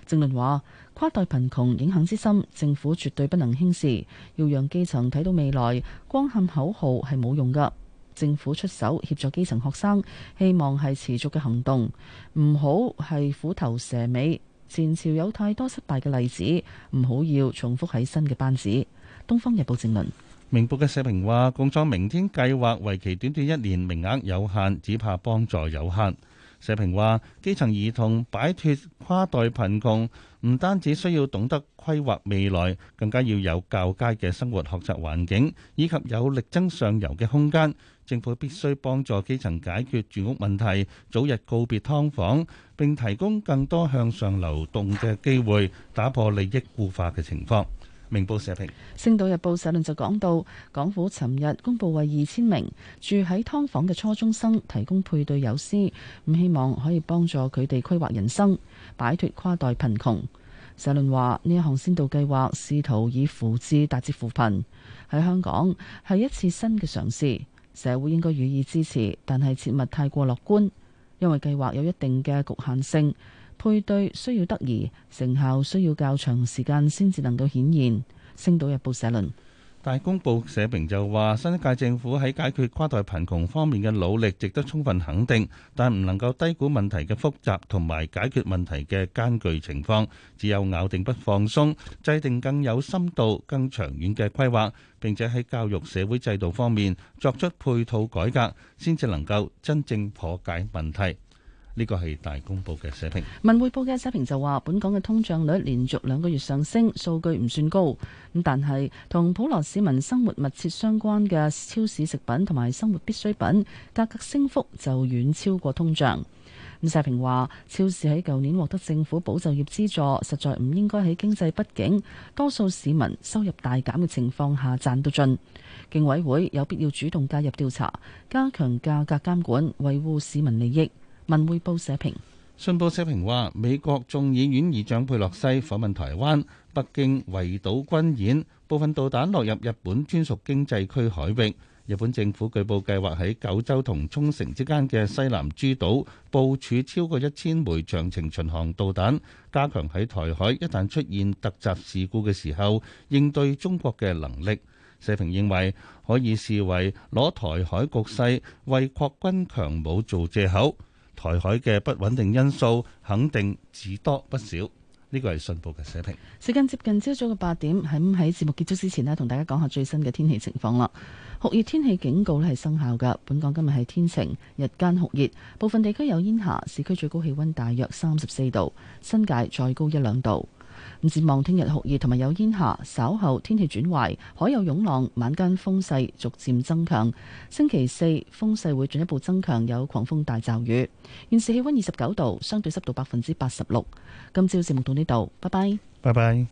政論話，跨代貧窮影響之深，政府絕對不能輕視，要讓基層睇到未來。光喊口號係冇用噶，政府出手協助基層學生，希望係持續嘅行動，唔好係虎頭蛇尾。前朝有太多失敗嘅例子，唔好要，要重複喺新嘅班子。《東方日報》正文：明報嘅社評話，共創明天計劃，為期短短一年，名額有限，只怕幫助有限。社評話，基層兒童擺脱跨代貧窮，唔單止需要懂得規劃未來，更加要有較佳嘅生活學習環境，以及有力爭上游嘅空間。政府必須幫助基層解決住屋問題，早日告別劏房，並提供更多向上流動嘅機會，打破利益固化嘅情況。明報社評，《星島日報》社論就講到，港府尋日公佈為二千名住喺劏房嘅初中生提供配對友師，咁希望可以幫助佢哋規劃人生，擺脱跨代貧窮。社論話，呢一項先導計劃試圖以扶志達至扶貧，喺香港係一次新嘅嘗試。社會應該予以支持，但係切勿太過樂觀，因為計劃有一定嘅局限性，配對需要得宜，成效需要較長時間先至能夠顯現。星島日報社論。大公報社評就話，新一屆政府喺解決跨代貧窮方面嘅努力值得充分肯定，但唔能夠低估問題嘅複雜同埋解決問題嘅艱巨情況，只有咬定不放鬆，制定更有深度、更長遠嘅規劃，並且喺教育社會制度方面作出配套改革，先至能夠真正破解問題。呢個係大公報嘅社評，文匯報嘅社評就話：本港嘅通脹率連續兩個月上升，數據唔算高咁，但係同普羅市民生活密切相關嘅超市食品同埋生活必需品價格升幅就遠超過通脹。咁社評話：超市喺舊年獲得政府保就業資助，實在唔應該喺經濟不景、多數市民收入大減嘅情況下賺到盡。競委會有必要主動介入調查，加強價格監管，維護市民利益。文匯報社評，信報社評話，美國眾議院議長佩洛西訪問台灣，北京圍島軍演，部分導彈落入日本專屬經濟區海域。日本政府據報計劃喺九州同沖繩之間嘅西南諸島部署超過一千枚長程巡航導彈，加強喺台海一旦出現突襲事故嘅時候應對中國嘅能力。社評認為可以視為攞台海局勢為擴軍強武做借口。台海嘅不穩定因素肯定至多不少，呢個係信報嘅社評。時間接近朝早嘅八點，喺喺節目結束之前咧，同大家講下最新嘅天氣情況啦。酷熱天氣警告咧係生效噶本港今日係天晴，日間酷熱，部分地區有煙霞。市區最高氣溫大約三十四度，新界再高一兩度。咁展望聽日酷熱，同埋有煙霞，稍後天氣轉壞，海有涌浪。晚間風勢逐漸增強，星期四風勢會進一步增強，有狂風大驟雨。現時氣溫二十九度，相對濕度百分之八十六。今朝節目到呢度，拜拜，拜拜。